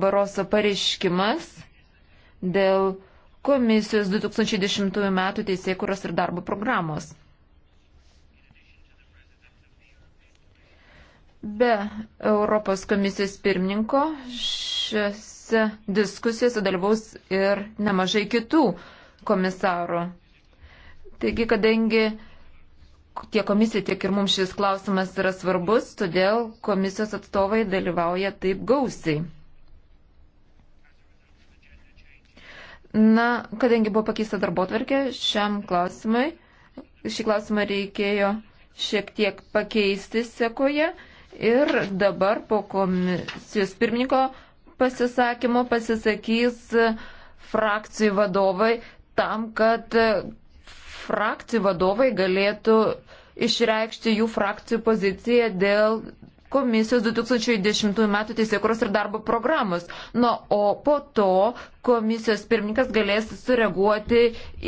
Baroso pareiškimas dėl komisijos 2010 m. teisėkuros ir darbo programos. Be Europos komisijos pirmininko šiose diskusijose dalyvaus ir nemažai kitų komisarų. Taigi, kadangi tiek komisija, tiek ir mums šis klausimas yra svarbus, todėl komisijos atstovai dalyvauja taip gausiai. Na, kadangi buvo pakeista darbo tvarkė šiam klausimai, šį klausimą reikėjo šiek tiek pakeisti sekoje ir dabar po komisijos pirmininko pasisakymo pasisakys frakcijų vadovai tam, kad frakcijų vadovai galėtų išreikšti jų frakcijų poziciją dėl komisijos 2010 m. teisėkuros ir darbo programos. Na, o po to komisijos pirmininkas galės sureaguoti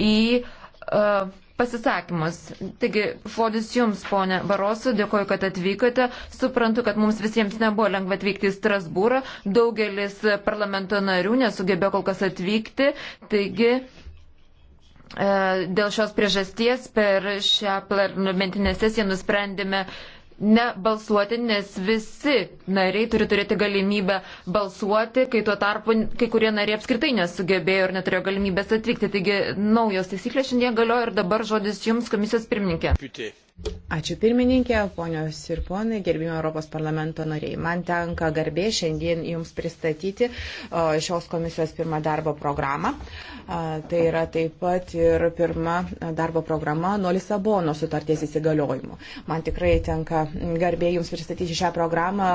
į uh, pasisakymus. Taigi, žodis Jums, ponė Barosu, dėkoju, kad atvykote. Suprantu, kad mums visiems nebuvo lengva atvykti į Strasbūrą. Daugelis parlamento narių nesugebėjo kol kas atvykti. Taigi, e, dėl šios priežasties per šią parlamentinę sesiją nusprendėme nebalsuoti, nes visi nariai turi turėti galimybę balsuoti, kai tuo tarpu kai kurie nariai apskritai nesugebėjo ir neturėjo galimybės atvykti. Taigi naujos taisyklės šiandien galioja ir dabar žodis Jums, komisijos pirmininkė. Putė. Ačiū pirmininkė, ponios ir ponai, gerbimo Europos parlamento nariai. Man tenka garbė šiandien Jums pristatyti šios komisijos pirmą darbo programą. Tai yra taip pat ir pirma darbo programa nuo Lisabono sutarties įsigaliojimo. Man tikrai tenka garbė Jums pristatyti šią programą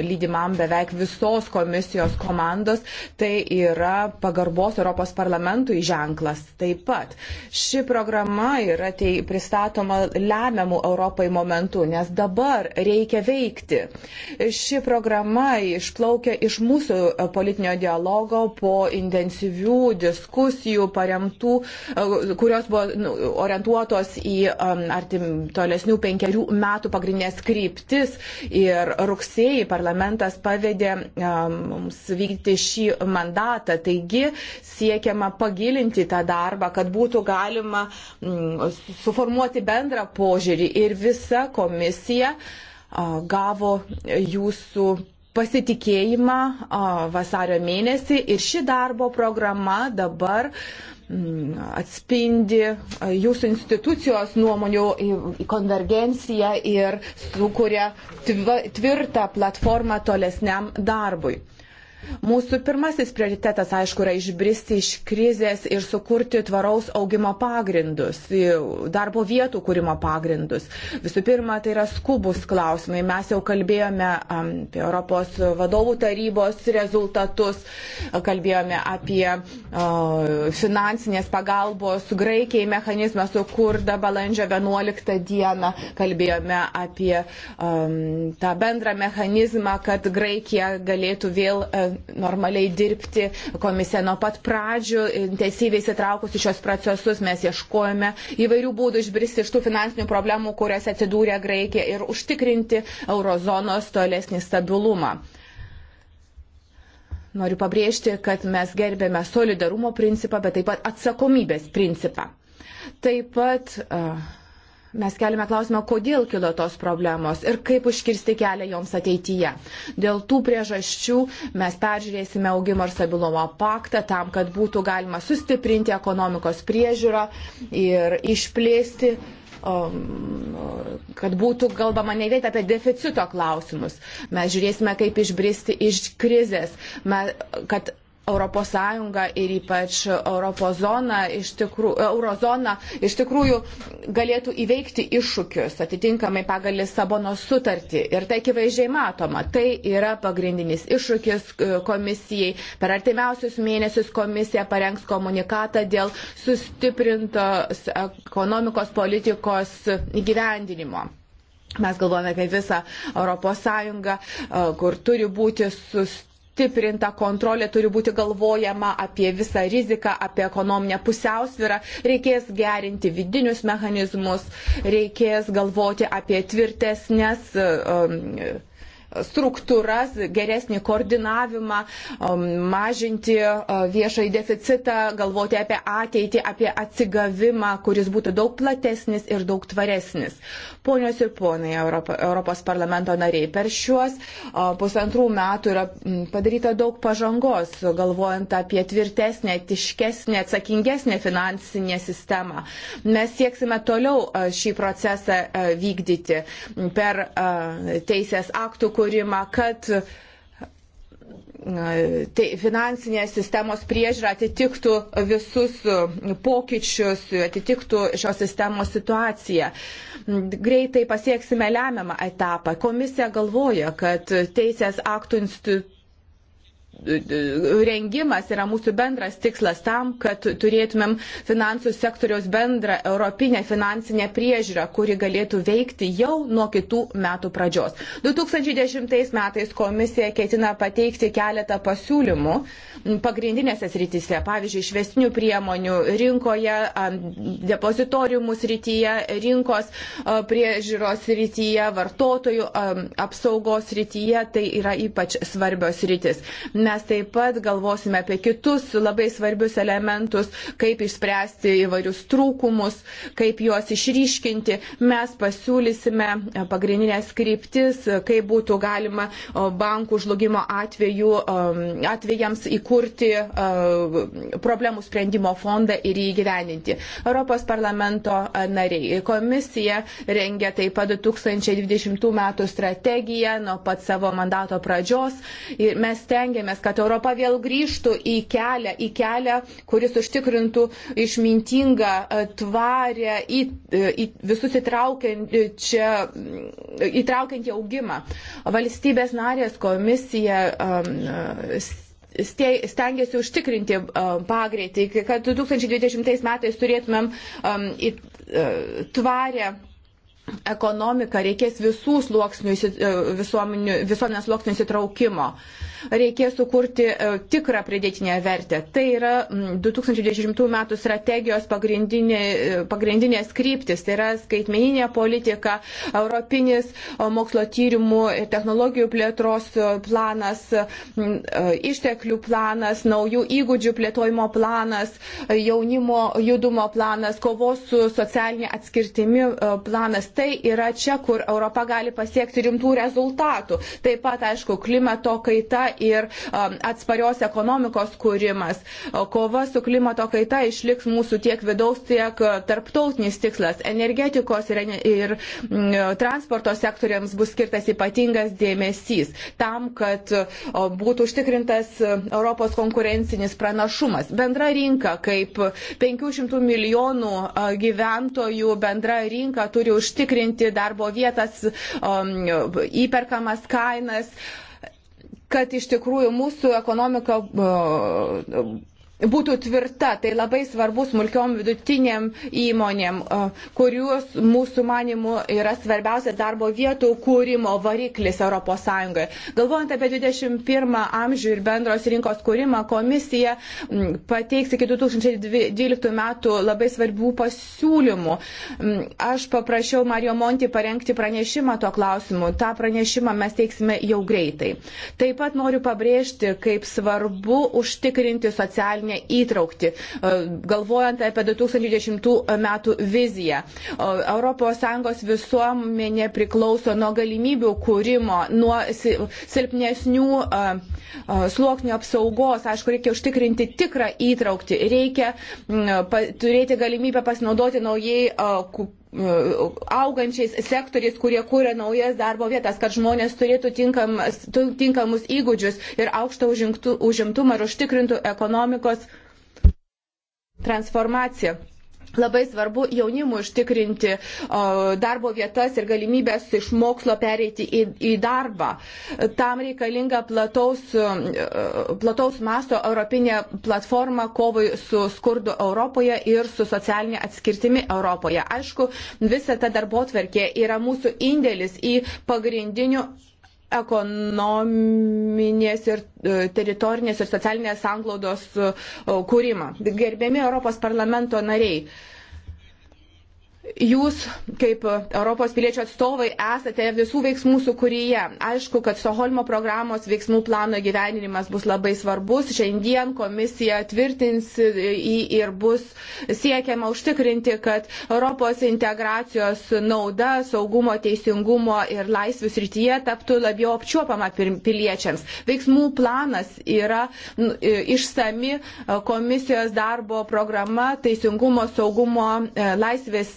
lydimam beveik visos komisijos komandos. Tai yra pagarbos Europos parlamentui ženklas taip pat. Ši programa yra tai pristatoma le lemiamų Europai momentų, nes dabar reikia veikti. Ši programa išplaukia iš mūsų politinio dialogo po intensyvių diskusijų paremtų, kurios buvo nu, orientuotos į um, artim, tolesnių penkerių metų pagrindinės kryptis ir rugsėjai parlamentas pavedė um, mums vykdyti šį mandatą. Taigi siekiama pagilinti tą darbą, kad būtų galima mm, suformuoti bendrą po požiūrį ir visa komisija gavo jūsų pasitikėjimą vasario mėnesį ir ši darbo programa dabar mm, atspindi jūsų institucijos nuomonių konvergenciją ir sukuria tvirtą platformą tolesniam darbui. Mūsų pirmasis prioritetas, aišku, yra išbristi iš krizės ir sukurti tvaraus augimo pagrindus, darbo vietų kūrimo pagrindus. Visų pirma, tai yra skubus klausimai. Mes jau kalbėjome apie Europos vadovų tarybos rezultatus, kalbėjome apie finansinės pagalbos Graikijai mechanizmą sukurtą balandžio 11 dieną, kalbėjome apie tą bendrą mechanizmą, kad Graikija galėtų vėl e, normaliai dirbti. Komisija nuo pat pradžių intensyviai įsitraukusi šios procesus mes ieškojame įvairių būdų išbristi iš tų finansinių problemų, kurias atsidūrė Graikija ir užtikrinti eurozonos tolesnį stabilumą. Noriu pabrėžti, kad mes gerbėme solidarumo principą, bet taip pat atsakomybės principą. Taip pat uh, Mes keliame klausimą, kodėl kilo tos problemos ir kaip užkirsti kelią joms ateityje. Dėl tų priežasčių mes peržiūrėsime augimo ir stabilumo paktą tam, kad būtų galima sustiprinti ekonomikos priežiūrą ir išplėsti um, kad būtų kalbama ne vien apie deficito klausimus. Mes žiūrėsime, kaip išbristi iš krizės, mes, kad Europos Sąjunga ir ypač Eurozona iš, tikrų, e, Eurozona iš tikrųjų galėtų įveikti iššūkius atitinkamai pagal Lisabonos sutartį. Ir tai akivaizdžiai matoma. Tai yra pagrindinis iššūkis e, komisijai. Per artimiausius mėnesius komisija parengs komunikatą dėl sustiprintos ekonomikos politikos įgyvendinimo. Mes galvojame apie visą Europos Sąjungą, e, kur turi būti sustiprinta sustiprinta kontrolė, turi būti galvojama apie visą riziką, apie ekonominę pusiausvyrą, reikės gerinti vidinius mechanizmus, reikės galvoti apie tvirtesnės. Um, struktūras, geresnį koordinavimą, um, mažinti uh, viešai deficitą, galvoti apie ateitį, apie atsigavimą, kuris būtų daug platesnis ir daug tvaresnis. Ponios ir ponai, Europos parlamento nariai, per šiuos uh, pusantrų metų yra mm, padaryta daug pažangos, galvojant apie tvirtesnę, tiškesnę, atsakingesnę finansinę sistemą. Mes sieksime toliau uh, šį procesą vykdyti per teisės aktų, kūrimą, kad e, tai finansinės sistemos priežiūra atitiktų visus e, pokyčius, atitiktų šios sistemos situaciją. Greitai pasieksime lemiamą etapą. Komisija galvoja, kad teisės aktų institucijų rengimas yra mūsų bendras tikslas tam, kad turėtumėm finansų sektoriaus bendrą europinę finansinę priežiūrą, kuri galėtų veikti jau nuo kitų metų pradžios. 2010 metais komisija ketina pateikti keletą pasiūlymų pagrindinėse srityse, pavyzdžiui, išvestinių priemonių rinkoje, depozitoriumų srityje, rinkos priežiūros srityje, vartotojų apsaugos srityje, tai yra ypač svarbios sritis Mes taip pat galvosime apie kitus labai svarbius elementus, kaip išspręsti įvairius trūkumus, kaip juos išryškinti. Mes pasiūlysime pagrindinės kryptis, kaip būtų galima bankų žlugimo atveju, atvejams įkurti problemų sprendimo fondą ir jį įgyveninti. Europos parlamento nariai. Komisija rengia taip pat 2020 m. strategiją nuo pat savo mandato pradžios ir mes tengiamės tikimės, kad Europa vėl grįžtų į kelią, į kelią, kuris užtikrintų išmintingą, e, tvarę, į, e, į visus įtraukiančią, e, įtraukiančią augimą. Valstybės narės komisija. Um, stengiasi užtikrinti pagreitį, kad 2020 metais turėtumėm tvarę ekonomiką, reikės visų sluoksnių, e, visuomenės sluoksnių įsitraukimo. Reikės sukurti e, tikrą pridėtinę vertę. Tai yra 2020 m. strategijos pagrindinė, e, pagrindinės kryptis. Tai yra skaitmeninė politika, europinis mokslo tyrimų ir technologijų plėtros planas, išteklių planas, naujų įgūdžių plėtojimo planas, jaunimo judumo planas, kovos su socialinė atskirtimi planas tai yra čia, kur Europa gali pasiekti rimtų rezultatų. Taip pat, aišku, klimato kaita ir um, atsparios ekonomikos kūrimas. Kova su klimato kaita išliks mūsų tiek vidaus, tiek uh, tarptautinis tikslas. Energetikos ir, ir mm, uh, transporto sektoriams bus skirtas ypatingas dėmesys tam, kad uh, būtų užtikrintas Europos konkurencinis pranašumas. Bendra rinka, kaip 500 milijonų gyventojų bendra rinka turi užtikrinti užtikrinti darbo vietas, um, įperkamas kainas, kad iš tikrųjų mūsų ekonomika uh, būtų tvirta. Tai labai svarbu smulkiom vidutiniam įmonėm, e, kurios mūsų manimų yra svarbiausias darbo vietų kūrimo variklis ES. Galvojant apie 21 amžių ir bendros rinkos kūrimą, komisija pateiks iki 2012 metų labai svarbių pasiūlymų. Aš paprašiau Mario Monti parengti pranešimą tuo klausimu. Ta pranešimą mes teiksime jau greitai. Taip pat noriu pabrėžti, kaip svarbu užtikrinti socialinį socialinę įtraukti, e, galvojant apie 2010 metų viziją. ES visuomenė priklauso nuo galimybių kūrimo, nuo silpnesnių e, e, sluoksnių apsaugos. Aišku, reikia užtikrinti tikrą įtraukti. Reikia turėti galimybę pasinaudoti naujai augančiais sektoriais, kurie kūrė naujas darbo vietas, kad žmonės turėtų tinkamas, tinkamus įgūdžius ir aukštą užimtumą ir užtikrintų ekonomikos transformaciją. Labai svarbu jaunimui užtikrinti darbo vietas ir galimybės iš mokslo pereiti į, į darbą. Tam reikalinga plataus, plataus masto europinė platforma kovai su skurdu Europoje ir su socialinė atskirtimi Europoje. Aišku, visa ta darbo tvarkė yra mūsų indėlis į pagrindinių ekonominės ir e, teritorinės ir socialinės sanglaudos e, kūrimą. Gerbiami Europos parlamento nariai, Jūs, kaip Europos piliečių atstovai, esate visų veiksmų sukūrėje. Aišku, kad Stoholmo programos veiksmų plano gyveninimas bus labai svarbus. Šiandien komisija tvirtins jį ir bus siekiama užtikrinti, kad Europos integracijos nauda saugumo, teisingumo ir laisvių srityje taptų labiau apčiuopama piliečiams. Veiksmų planas yra išsami e, komisijos darbo programa teisingumo, saugumo, e, laisvės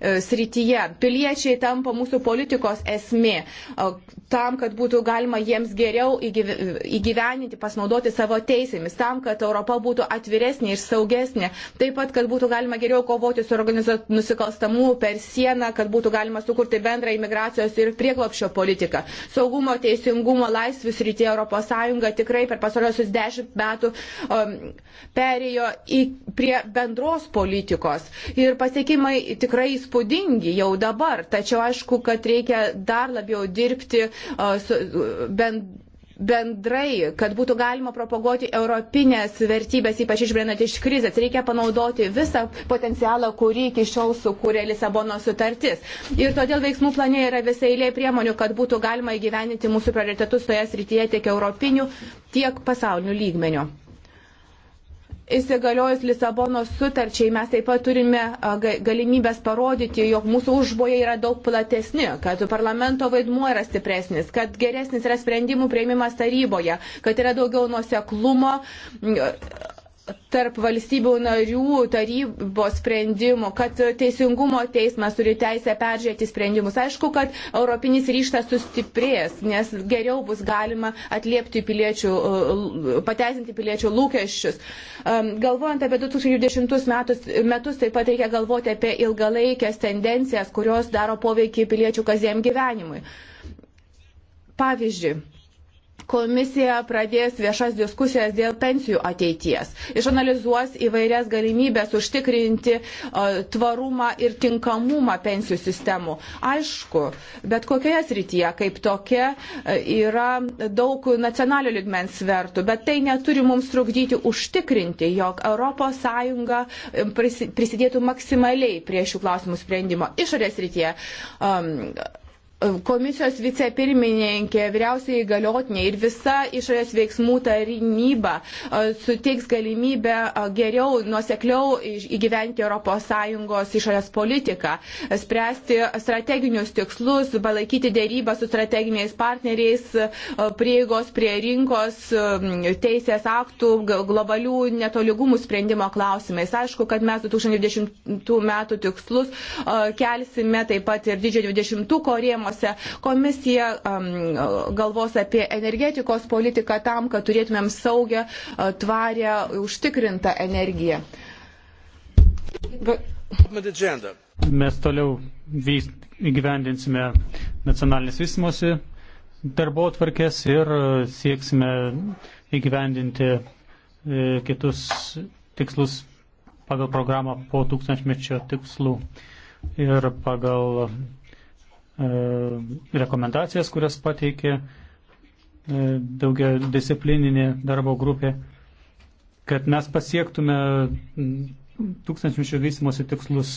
E, srityje. Piliečiai tampa mūsų politikos esmė, e, tam, kad būtų galima jiems geriau įgyveninti, pasinaudoti savo teisėmis, tam, kad Europa būtų atviresnė ir saugesnė, taip pat, kad būtų galima geriau kovoti su organizuotų nusikalstamų per sieną, kad būtų galima sukurti bendrą imigracijos ir prieglopšio politiką. Saugumo, teisingumo, laisvių srityje ES tikrai per pasarosius dešimt metų um, perėjo į, prie bendros politikos. Ir pasiekimai tikrai tikrai įspūdingi jau dabar, tačiau aišku, kad reikia dar labiau dirbti bent bendrai, kad būtų galima propaguoti europinės vertybės, ypač išbrenant iš krizės, reikia panaudoti visą potencialą, kurį iki šiol sukūrė Lisabono sutartis. Ir todėl veiksmų plane yra visa eilė priemonių, kad būtų galima įgyveninti mūsų prioritetus toje srityje tiek europinių, tiek pasaulinių lygmenių įsigaliojus Lisabonos sutarčiai mes taip pat turime galimybės parodyti, jog mūsų užboje yra daug platesni, kad parlamento vaidmuo yra stipresnis, kad geresnis yra sprendimų prieimimas taryboje, kad yra daugiau nuoseklumo tarp valstybių narių tarybos sprendimų, kad teisingumo teismas turi teisę peržiūrėti sprendimus. Aišku, kad europinis ryštas sustiprės, nes geriau bus galima atliepti piliečių, pateisinti piliečių lūkesčius. Um, galvojant apie 2010 metus, metus, taip pat reikia galvoti apie ilgalaikės tendencijas, kurios daro poveikį piliečių kasdien gyvenimui. Pavyzdžiui, komisija pradės viešas diskusijas dėl pensijų ateities, išanalizuos įvairias galimybės užtikrinti tvarumą ir tinkamumą pensijų sistemų. Aišku, bet kokioje srityje kaip tokia yra daug nacionalių ligmens svertų, bet tai neturi mums trukdyti užtikrinti, jog ES prisidėtų maksimaliai prie šių klausimų sprendimo. Išorės srityje um, komisijos vicepirmininkė, vyriausiai įgaliotinė ir visa išorės veiksmų tarynyba e, suteiks galimybę e, geriau, nuosekliau įgyventi ES išorės politiką, spręsti strateginius tikslus, palaikyti dėrybą su strateginiais partneriais, e, prieigos prie rinkos, teisės aktų, globalių netoligumų sprendimo klausimais. Aišku, kad mes 2020 metų tikslus kelsime taip pat ir didžiojo 20 korėmos pirmiausia, komisija galvos apie energetikos politiką tam, kad turėtumėm saugę, tvarę, užtikrintą energiją. Mes toliau įgyvendinsime nacionalinės vystimosi darbo atvarkės ir sieksime įgyvendinti e, kitus tikslus pagal programą po tūkstančmečio tikslų ir pagal E, rekomendacijas, kurias pateikė e, daugia disciplininė darbo grupė, kad mes pasiektume tūkstančių vystimosi tikslus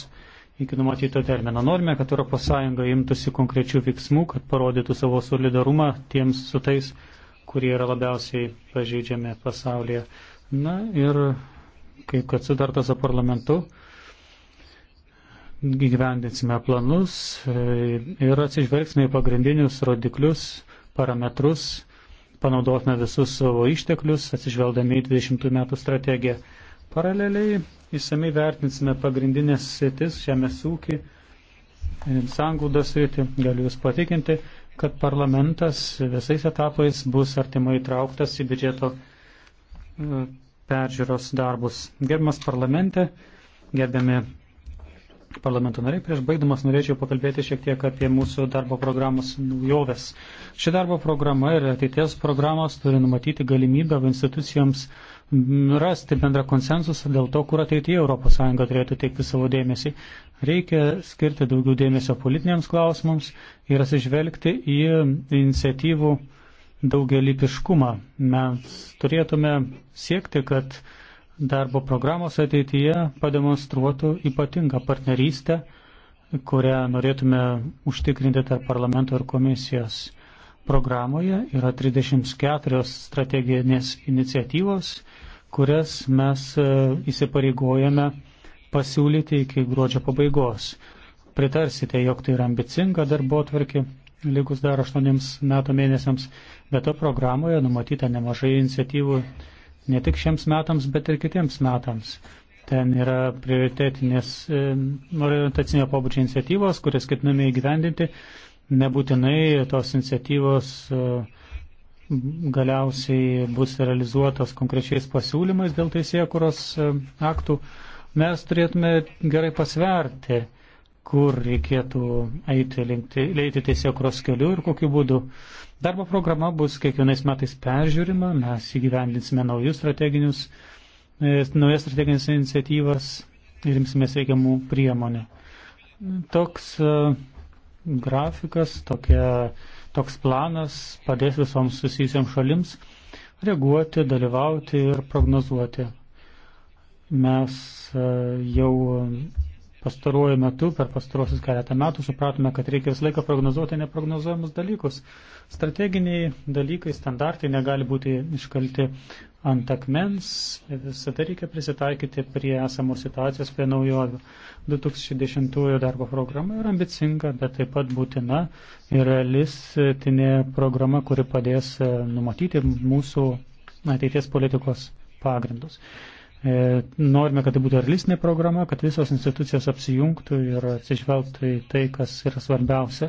iki numatyto termino. Norime, kad ES imtųsi konkrečių veiksmų, kad parodytų savo solidarumą tiems su tais, kurie yra labiausiai pažeidžiami pasaulyje. Na ir kaip kad sudarta su parlamentu, gyvendinsime planus e, ir atsižvelgsime į pagrindinius rodiklius, parametrus, panaudosime visus savo išteklius, atsižvelgdami į 20 metų strategiją. Paraleliai įsamei vertinsime pagrindinės sritis, žemės ūkį, e, sangūdas sritį. Galiu Jūs patikinti, kad parlamentas visais etapais bus artimai trauktas į biudžeto e, peržiūros darbus. Gerbiamas parlamente, gerbiami parlamento nariai, prieš baigdamas norėčiau pakalbėti šiek tiek apie mūsų darbo programos naujoves. Ši darbo programa ir ateities programos turi numatyti galimybę institucijoms rasti bendrą konsensusą dėl to, kur ateityje ES turėtų teikti savo dėmesį. Reikia skirti daugiau dėmesio politiniams klausimams ir atsižvelgti į iniciatyvų daugelipiškumą. Mes turėtume siekti, kad darbo programos ateityje pademonstruotų ypatingą partnerystę, kurią norėtume užtikrinti tarp parlamento ir komisijos. Programoje yra 34 strateginės iniciatyvos, kurias mes e, įsipareigojame pasiūlyti iki gruodžio pabaigos. Pritarsite, jog tai yra ambicinga darbo tvarkė, likus dar aštuoniems metų mėnesiams, bet to programoje numatyta nemažai iniciatyvų ne tik šiems metams, bet ir kitiems metams. Ten yra prioritetinės e, orientacinio pobūdžio iniciatyvos, kurias ketiname įgyvendinti. Nebūtinai tos iniciatyvos e, galiausiai bus realizuotos konkrečiais pasiūlymais dėl teisėkuros e, aktų. Mes turėtume gerai pasverti, kur reikėtų eiti, leiti teisėkuros keliu ir kokiu būdu. Darbo programa bus kiekvienais metais peržiūrima, mes įgyvendinsime naujus strateginius, e, naujas strateginės iniciatyvas ir imsimės reikiamų priemonių. Toks e, grafikas, tokia, toks planas padės visoms susijusiam šalims reaguoti, dalyvauti ir prognozuoti. Mes e, jau pastaruoju metu, per pastarosius keletą metų supratome, kad reikia visą laiką prognozuoti neprognozuojamus dalykus. Strateginiai dalykai, standartai negali būti iškalti ant akmens, visada tai reikia prisitaikyti prie esamos situacijos, prie naujovių. 2010 darbo programa yra ambicinga, bet taip pat būtina ir realistinė programa, kuri padės numatyti mūsų ateities politikos pagrindus. E, norime, kad tai būtų realistinė programa, kad visos institucijos apsijungtų ir atsižvelgtų į tai, kas yra svarbiausia.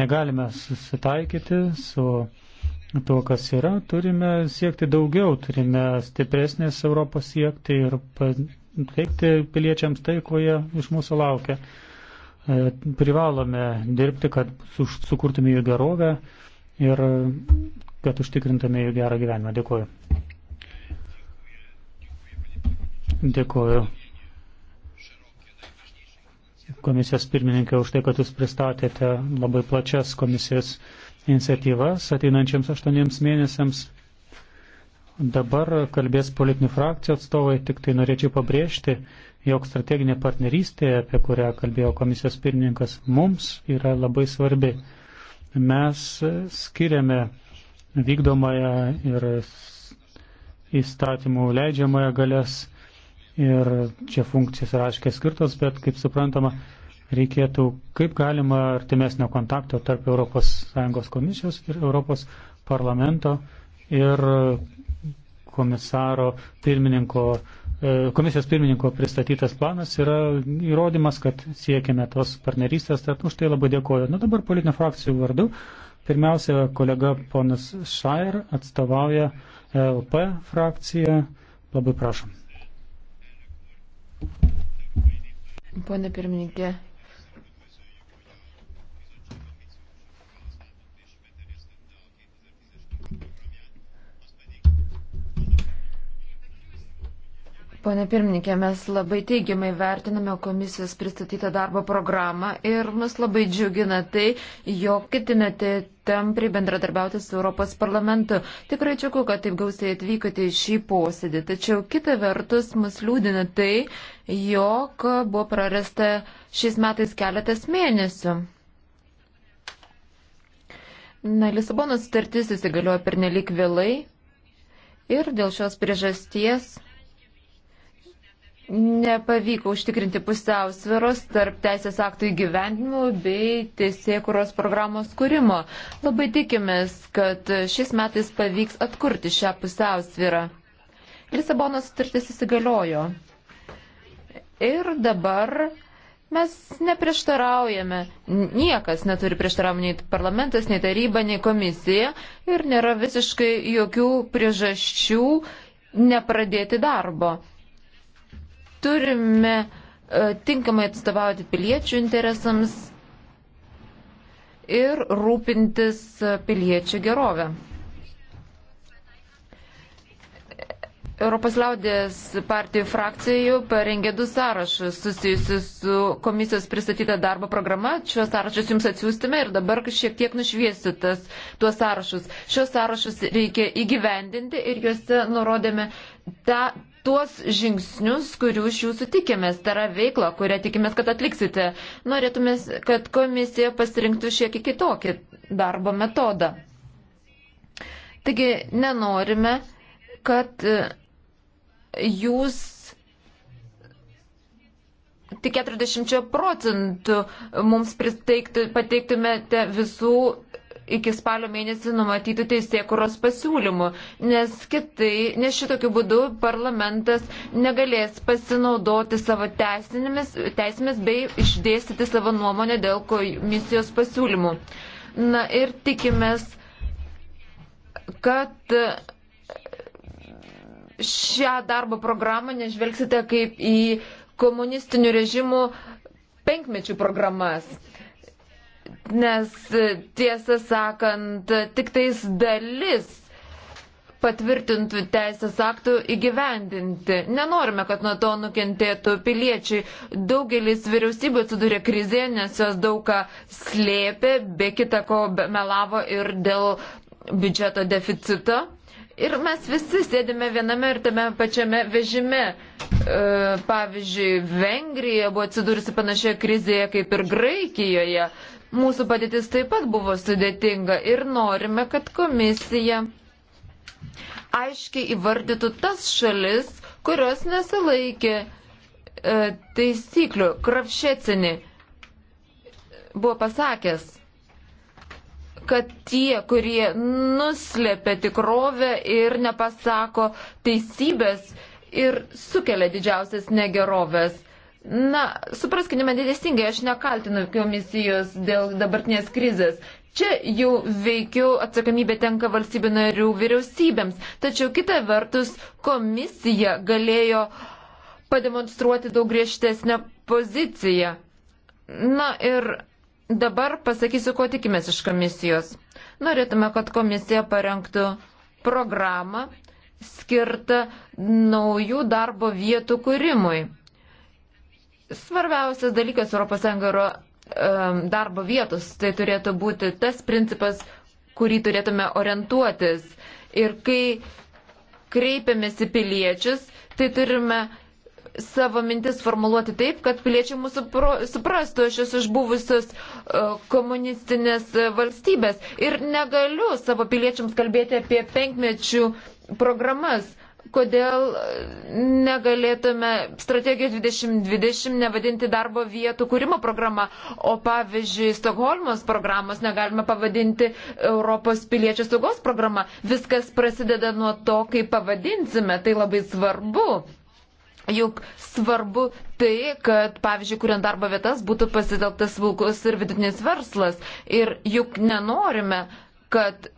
Negalime susitaikyti su tuo, kas yra. Turime siekti daugiau, turime stipresnės Europos siekti ir teikti piliečiams tai, ko jie iš mūsų laukia. E, privalome dirbti, kad sukurtume jų gerovę ir kad užtikrintume jų gerą gyvenimą. Dėkuoju. Dėkuoju komisijos pirmininkė už tai, kad jūs pristatėte labai plačias komisijos iniciatyvas ateinančiams aštuoniems mėnesiams. Dabar kalbės politinių frakcijų atstovai, tik tai norėčiau pabrėžti, jog strateginė partnerystė, apie kurią kalbėjo komisijos pirmininkas, mums yra labai svarbi. Mes skiriame vykdomąją ir įstatymų leidžiamąją galės ir čia funkcijos yra aiškiai skirtos, bet kaip suprantama, reikėtų kaip galima artimesnio kontakto tarp ES komisijos ir ES parlamento ir komisaro pirmininko, e, komisijos pirmininko pristatytas planas yra įrodymas, kad siekime tos partnerystės, tad už tai labai dėkoju. Na dabar politinių frakcijų vardu. Pirmiausia, kolega ponas Šair atstovauja LP frakciją. Labai prašom. Pone pirmininkė, Pone pirmininkė, mes labai teigiamai vertiname komisijos pristatytą darbo programą ir mus labai džiugina tai, jog ketinate tampriai bendradarbiauti su Europos parlamentu. Tikrai čiaku, kad taip gausiai atvykote į šį posėdį. Tačiau kita vertus mus liūdina tai, jog buvo prarasta šiais metais keletas mėnesių. Na, Lisabonos sutartis įsigaliojo per nelik vėlai ir dėl šios priežasties nepavyko užtikrinti pusiausviros tarp teisės aktų įgyvendinimo bei teisėkuros programos kūrimo. Labai tikimės, kad šiais metais pavyks atkurti šią pusiausvirą. Lisabono sutartis įsigaliojo. Ir dabar mes neprieštaraujame. Niekas neturi prieštaravimų nei parlamentas, nei taryba, nei komisija. Ir nėra visiškai jokių priežasčių nepradėti darbo. Turime e, tinkamai atstovauti piliečių interesams ir rūpintis piliečių gerovę. Europos liaudės partijų frakcijų parengė du sąrašus susijusius su komisijos pristatyta darbo programa. Šios sąrašus jums atsiųstume ir dabar šiek tiek nušviesiu tas, tuos sąrašus. Šios sąrašus reikia įgyvendinti ir juose nurodėme tą tuos žingsnius, kurių iš jūsų tikimės, tai yra veikla, kurią tikimės, kad atliksite. Norėtume, kad komisija pasirinktų šiek tiek kitokį darbo metodą. Taigi nenorime, kad e, jūs tik 40 procentų mums pateiktumėte visų iki spalio mėnesį numatytų teisėkuros pasiūlymų, nes, kitai, nes šitokiu būdu parlamentas negalės pasinaudoti savo teisėmis bei išdėstyti savo nuomonę dėl komisijos pasiūlymų. Na ir tikimės, kad šią darbo programą nežvelgsite kaip į komunistinių režimų penkmečių programas nes e, tiesą sakant, tik tais dalis patvirtintų teisės aktų įgyvendinti. Nenorime, kad nuo to nukentėtų piliečiai. Daugelis vyriausybių atsidūrė krizėje, nes jos daug ką slėpė, be kita ko melavo ir dėl biudžeto deficito. Ir mes visi sėdime viename ir tame pačiame vežime. E, pavyzdžiui, Vengrija buvo atsidūrusi panašioje krizėje kaip ir Graikijoje. Mūsų padėtis taip pat buvo sudėtinga ir norime, kad komisija aiškiai įvardytų tas šalis, kurios nesilaikė e, taisyklių. Kravšėcini buvo pasakęs, kad tie, kurie nuslėpia tikrovę ir nepasako teisybės ir sukelia didžiausias negerovės. Na, supraskime nedėstingai, aš nekaltinu komisijos dėl dabartinės krizės. Čia jau veikiu atsakomybė tenka valstybių narių vyriausybėms. Tačiau kita vertus, komisija galėjo pademonstruoti daug griežtesnę poziciją. Na ir dabar pasakysiu, ko tikimės iš komisijos. Norėtume, kad komisija parengtų programą skirtą naujų darbo vietų kūrimui. Svarbiausias dalykas ES yra um, darbo vietos. Tai turėtų būti tas principas, kurį turėtume orientuotis. Ir kai kreipiamės į piliečius, tai turime savo mintis formuluoti taip, kad piliečiai mūsų pro, suprastų, aš esu iš buvusios e, komunistinės valstybės ir negaliu savo piliečiams kalbėti apie penkmečių programas kodėl negalėtume strategijos 2020 nevadinti darbo vietų kūrimo programą, o pavyzdžiui, Stokholmos programos negalime pavadinti Europos piliečių saugos programą. Viskas prasideda nuo to, kaip pavadinsime, tai labai svarbu. Juk svarbu tai, kad, pavyzdžiui, kuriant darbo vietas būtų pasitelktas smulkus ir vidutinis verslas. Ir juk nenorime, kad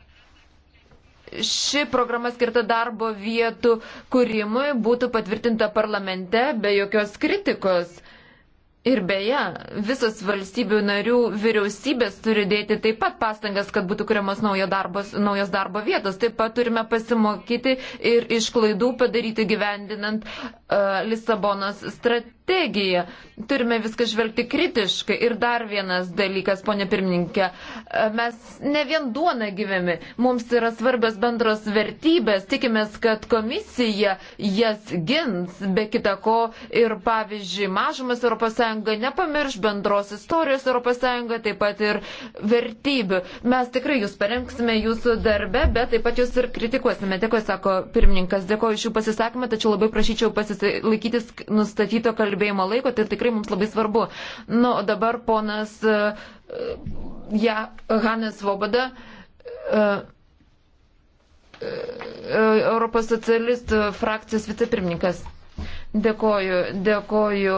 ši programa skirta darbo vietų kūrimui būtų patvirtinta parlamente be jokios kritikos. Ir beje, visos valstybių narių vyriausybės turi dėti taip pat pastangas, kad būtų kuriamas naujo darbos, naujos darbo vietos. Taip pat turime pasimokyti ir iš klaidų padaryti gyvendinant uh, Lisabonos strategiją strategiją. Turime viską žvelgti kritiškai. Ir dar vienas dalykas, ponė pirmininkė, e, mes ne vien duona gyvėmi, mums yra svarbios bendros vertybės, tikimės, kad komisija jas gins, be kita ko ir, pavyzdžiui, mažumas ES nepamirš bendros istorijos ES, taip pat ir vertybių. Mes tikrai jūs parengsime jūsų darbe, bet taip pat jūs ir kritikuosime. Dėkoju, sako pirmininkas, dėkoju iš jų pasisakymą, tačiau labai prašyčiau pasilaikyti nustatyto kalbėjimo kalbėjimo laiko, tai tikrai mums labai svarbu. Na, nu, o dabar ponas e, e, ja, Hanes Vobada. E, Europos socialistų frakcijos vicepirmininkas. Dėkoju, dėkoju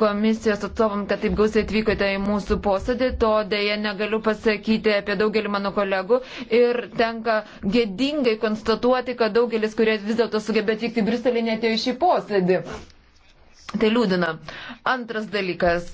komisijos atstovam, kad taip gausiai atvykote į mūsų posėdį, to dėje negaliu pasakyti apie daugelį mano kolegų ir tenka gėdingai konstatuoti, kad daugelis, kurie vis dėlto sugebėjo atvykti į Briuselį, netėjo į šį posėdį. Tai liūdina. Antras dalykas.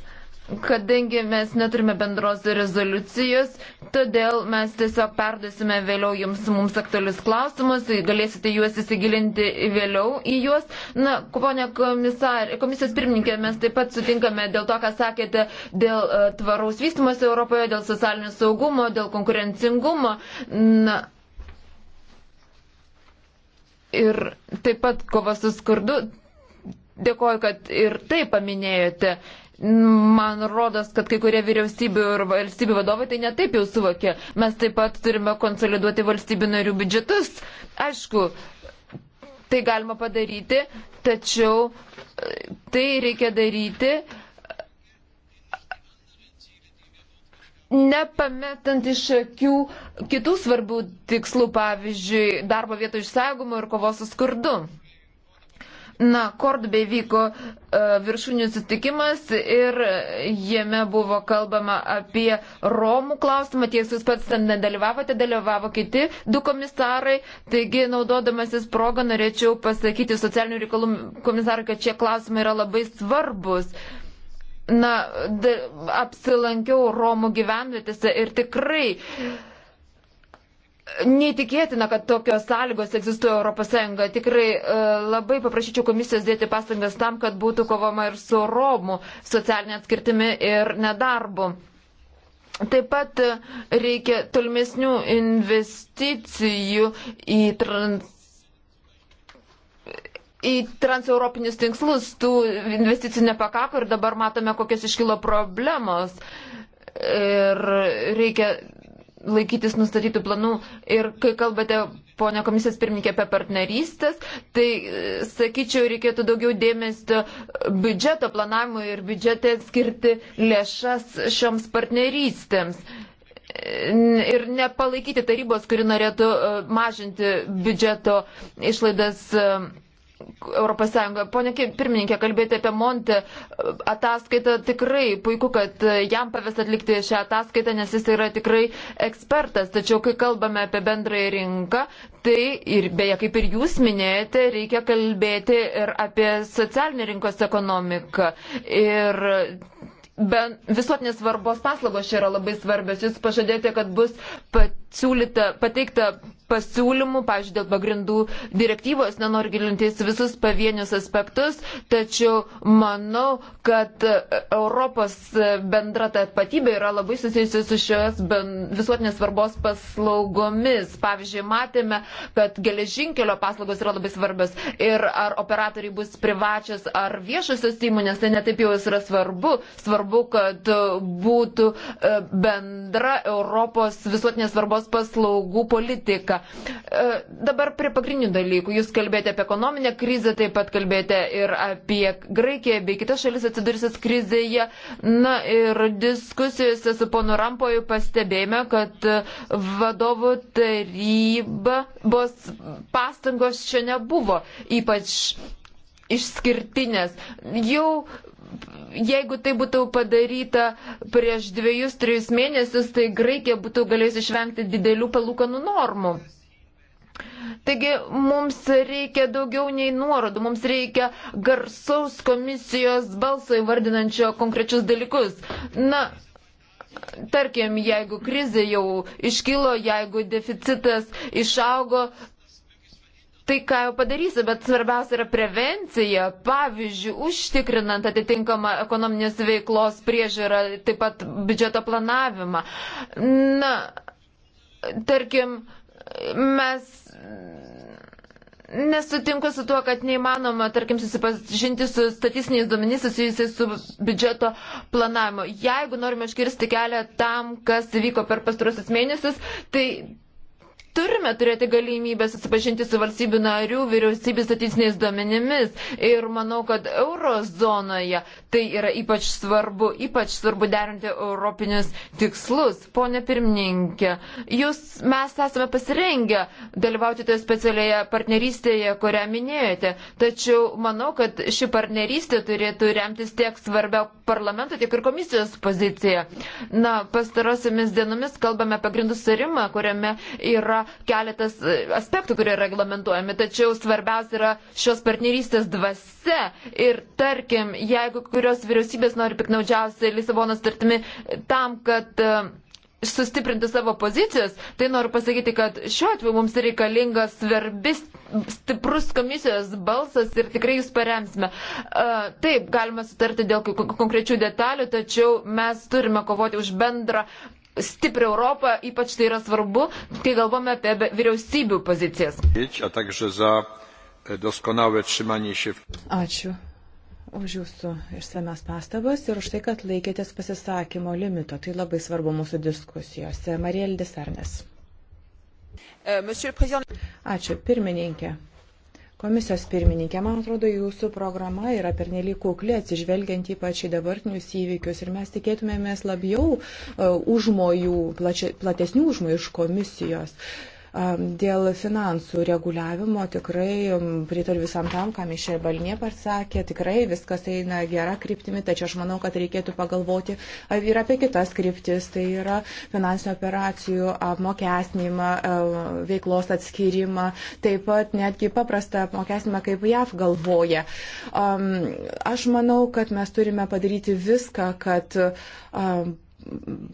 Kadangi mes neturime bendros rezoliucijos, todėl mes tiesiog perduosime vėliau jums mums aktualius klausimus, tai galėsite juos įsigilinti vėliau į juos. Na, ponė komisar, komisijos pirmininkė, mes taip pat sutinkame dėl to, ką sakėte, dėl e, tvaraus vystimosi Europoje, dėl socialinio saugumo, dėl konkurencingumo. Na, ir taip pat kova su skurdu dėkoju, kad ir tai paminėjote. Man rodos, kad kai kurie vyriausybių ir valstybių vadovai tai netaip jau suvokė. Mes taip pat turime konsoliduoti valstybių narių biudžetus. Aišku, tai galima padaryti, tačiau e, tai reikia daryti. nepametant iš akių kitų svarbių tikslų, pavyzdžiui, darbo vietų išsaugomų ir kovos su skurdu. Na, Kordbei vyko e, viršūnių sutikimas ir jame buvo kalbama apie Romų klausimą. Tiek jūs pats ten nedalyvavote, dalyvavo kiti du komisarai. Taigi, naudodamasis progą, norėčiau pasakyti socialinių reikalų komisarui, kad šie klausimai yra labai svarbus. Na, apsilankiau Romų gyvenvietėse ir tikrai Neįtikėtina, kad tokios sąlygos egzistuoja Europos Sąjunga. Tikrai e, labai paprašyčiau komisijos dėti pastangas tam, kad būtų kovama ir su Romų socialinė atskirtimi ir nedarbu. Taip pat e, reikia tolmesnių investicijų į, trans, į transeuropinius tinklus. Tų investicijų nepakako ir dabar matome, kokios iškilo problemos. Ir reikia laikytis nustatytų planų. Ir kai kalbate, ponia komisijos pirmininkė, apie partnerystės, tai, e, sakyčiau, reikėtų daugiau dėmesio biudžeto planavimui ir biudžete skirti lėšas šioms partnerystėms. E, ir nepalaikyti tarybos, kuri norėtų e, mažinti biudžeto išlaidas Europos Sąjungoje. Pone pirmininkė, kalbėti apie Monti e, ataskaitą tikrai puiku, kad e, jam pavės atlikti šią ataskaitą, nes jis yra tikrai ekspertas. Tačiau, kai kalbame apie bendrąją rinką, tai ir beje, kaip ir jūs minėjote, reikia kalbėti ir apie socialinį rinkos ekonomiką. Ir ben, visuotinės svarbos paslaugos čia yra labai svarbios. Jūs pažadėjote, kad bus pasiūlyta, pateikta pasiūlymų, pavyzdžiui, dėl pagrindų direktyvos, nenoriu gilintis visus pavienius aspektus, tačiau manau, kad Europos bendra tapatybė yra labai susijusi su šios ben, visuotinės svarbos paslaugomis. Pavyzdžiui, matėme, kad geležinkelio paslaugos yra labai svarbios ir ar operatoriai bus privačios ar viešosios įmonės, tai netaip jau yra svarbu. svarbu svarbu, kad būtų e, bendra Europos visuotinės svarbos paslaugų politika. E, dabar prie pagrindinių dalykų. Jūs kalbėjote apie ekonominę krizę, taip pat kalbėjote ir apie Graikiją bei kitas šalis atsidursis krizėje. Na ir diskusijose su ponu Rampoju pastebėjome, kad vadovų taryba bus pastangos čia nebuvo. Ypač išskirtinės. Jau jeigu tai būtų padaryta prieš dviejus, trijus mėnesius, tai Graikija būtų galėjusi išvengti didelių palūkanų normų. Taigi mums reikia daugiau nei nuorodų, mums reikia garsaus komisijos balso įvardinančio konkrečius dalykus. Na, tarkim, jeigu krizė jau iškilo, jeigu deficitas išaugo, tai ką jau padarysi, bet svarbiausia yra prevencija, pavyzdžiui, užtikrinant atitinkamą ekonominės veiklos priežiūrą, taip pat biudžeto planavimą. Na, tarkim, mes nesutinku su tuo, kad neįmanoma, tarkim, susipažinti su statistiniais duomenys susijusiais su biudžeto planavimu. Jeigu norime iškirsti kelią tam, kas įvyko per pastarusius mėnesius, tai turime turėti galimybę susipažinti su valstybių narių vyriausybės statistiniais duomenimis. Ir manau, kad eurozonoje tai yra ypač svarbu, ypač svarbu derinti europinius tikslus. Pone pirmininkė, jūs, mes esame pasirengę dalyvauti toje specialioje partnerystėje, kurią minėjote. Tačiau manau, kad ši partnerystė turėtų remtis tiek svarbia parlamento, tiek ir komisijos pozicija. Na, pastarosiamis dienomis kalbame apie grindų sarimą, kuriame yra keletas e, aspektų, kurie reglamentuojami, tačiau svarbiausia yra šios partnerystės dvasia. Ir tarkim, jeigu kurios vyriausybės nori piknaudžiausiai Lisabonos tartimi tam, kad e, sustiprinti savo pozicijas, tai noriu pasakyti, kad šiuo atveju mums reikalingas svarbis, stiprus komisijos balsas ir tikrai jūs paremsime. E, taip, galime sutarti dėl konkrečių detalių, tačiau mes turime kovoti už bendrą stiprią Europą, ypač tai yra svarbu, kai galvome apie vyriausybių pozicijas. E, Ačiū už jūsų išsames pastabas ir už tai, kad laikėtės pasisakymo limito. Tai labai svarbu mūsų diskusijose. Marielis Arnes. E, Ačiū, pirmininkė. Komisijos pirmininkė, man atrodo, jūsų programa yra pernelyg kukli, atsižvelgiant ypač į dabartinius įvykius ir mes tikėtumėmės labiau uh, užmojų, plačia, platesnių užmojų iš komisijos. Uh, Dėl finansų reguliavimo tikrai pritariu visam tam, ką Mišel Balnie pasakė, tikrai viskas eina gera kryptimi, tačiau aš manau, kad reikėtų pagalvoti ir apie kitas kryptis, tai yra finansinių operacijų apmokesnimą, veiklos atskirimą, taip pat netgi paprastą apmokesnimą, kaip JAV galvoja. Aš manau, kad mes turime padaryti viską, kad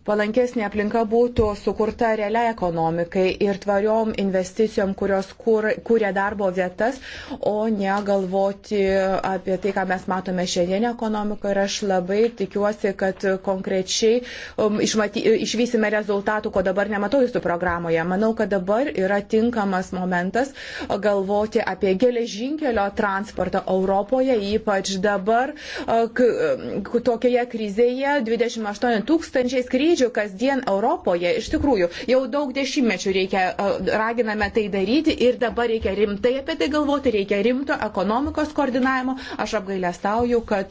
palankesnė aplinka būtų sukurta realiai ekonomikai ir tvariom investicijom, kurios kūrė darbo vietas, o ne galvoti apie tai, ką mes matome šiandien ekonomikoje. Ir aš labai tikiuosi, kad konkrečiai um, išmaty, išvysime rezultatų, ko dabar nematau jūsų programoje. Manau, kad dabar yra tinkamas momentas galvoti apie geležinkelio transportą Europoje, ypač dabar uh, um, tokioje krizėje 28 tūkstančių tūkstančiai skrydžių kasdien Europoje. Iš tikrųjų, jau daug dešimtmečių reikia, e, raginame tai daryti ir dabar reikia rimtai apie tai galvoti, reikia rimto ekonomikos koordinavimo. Aš apgailestauju, kad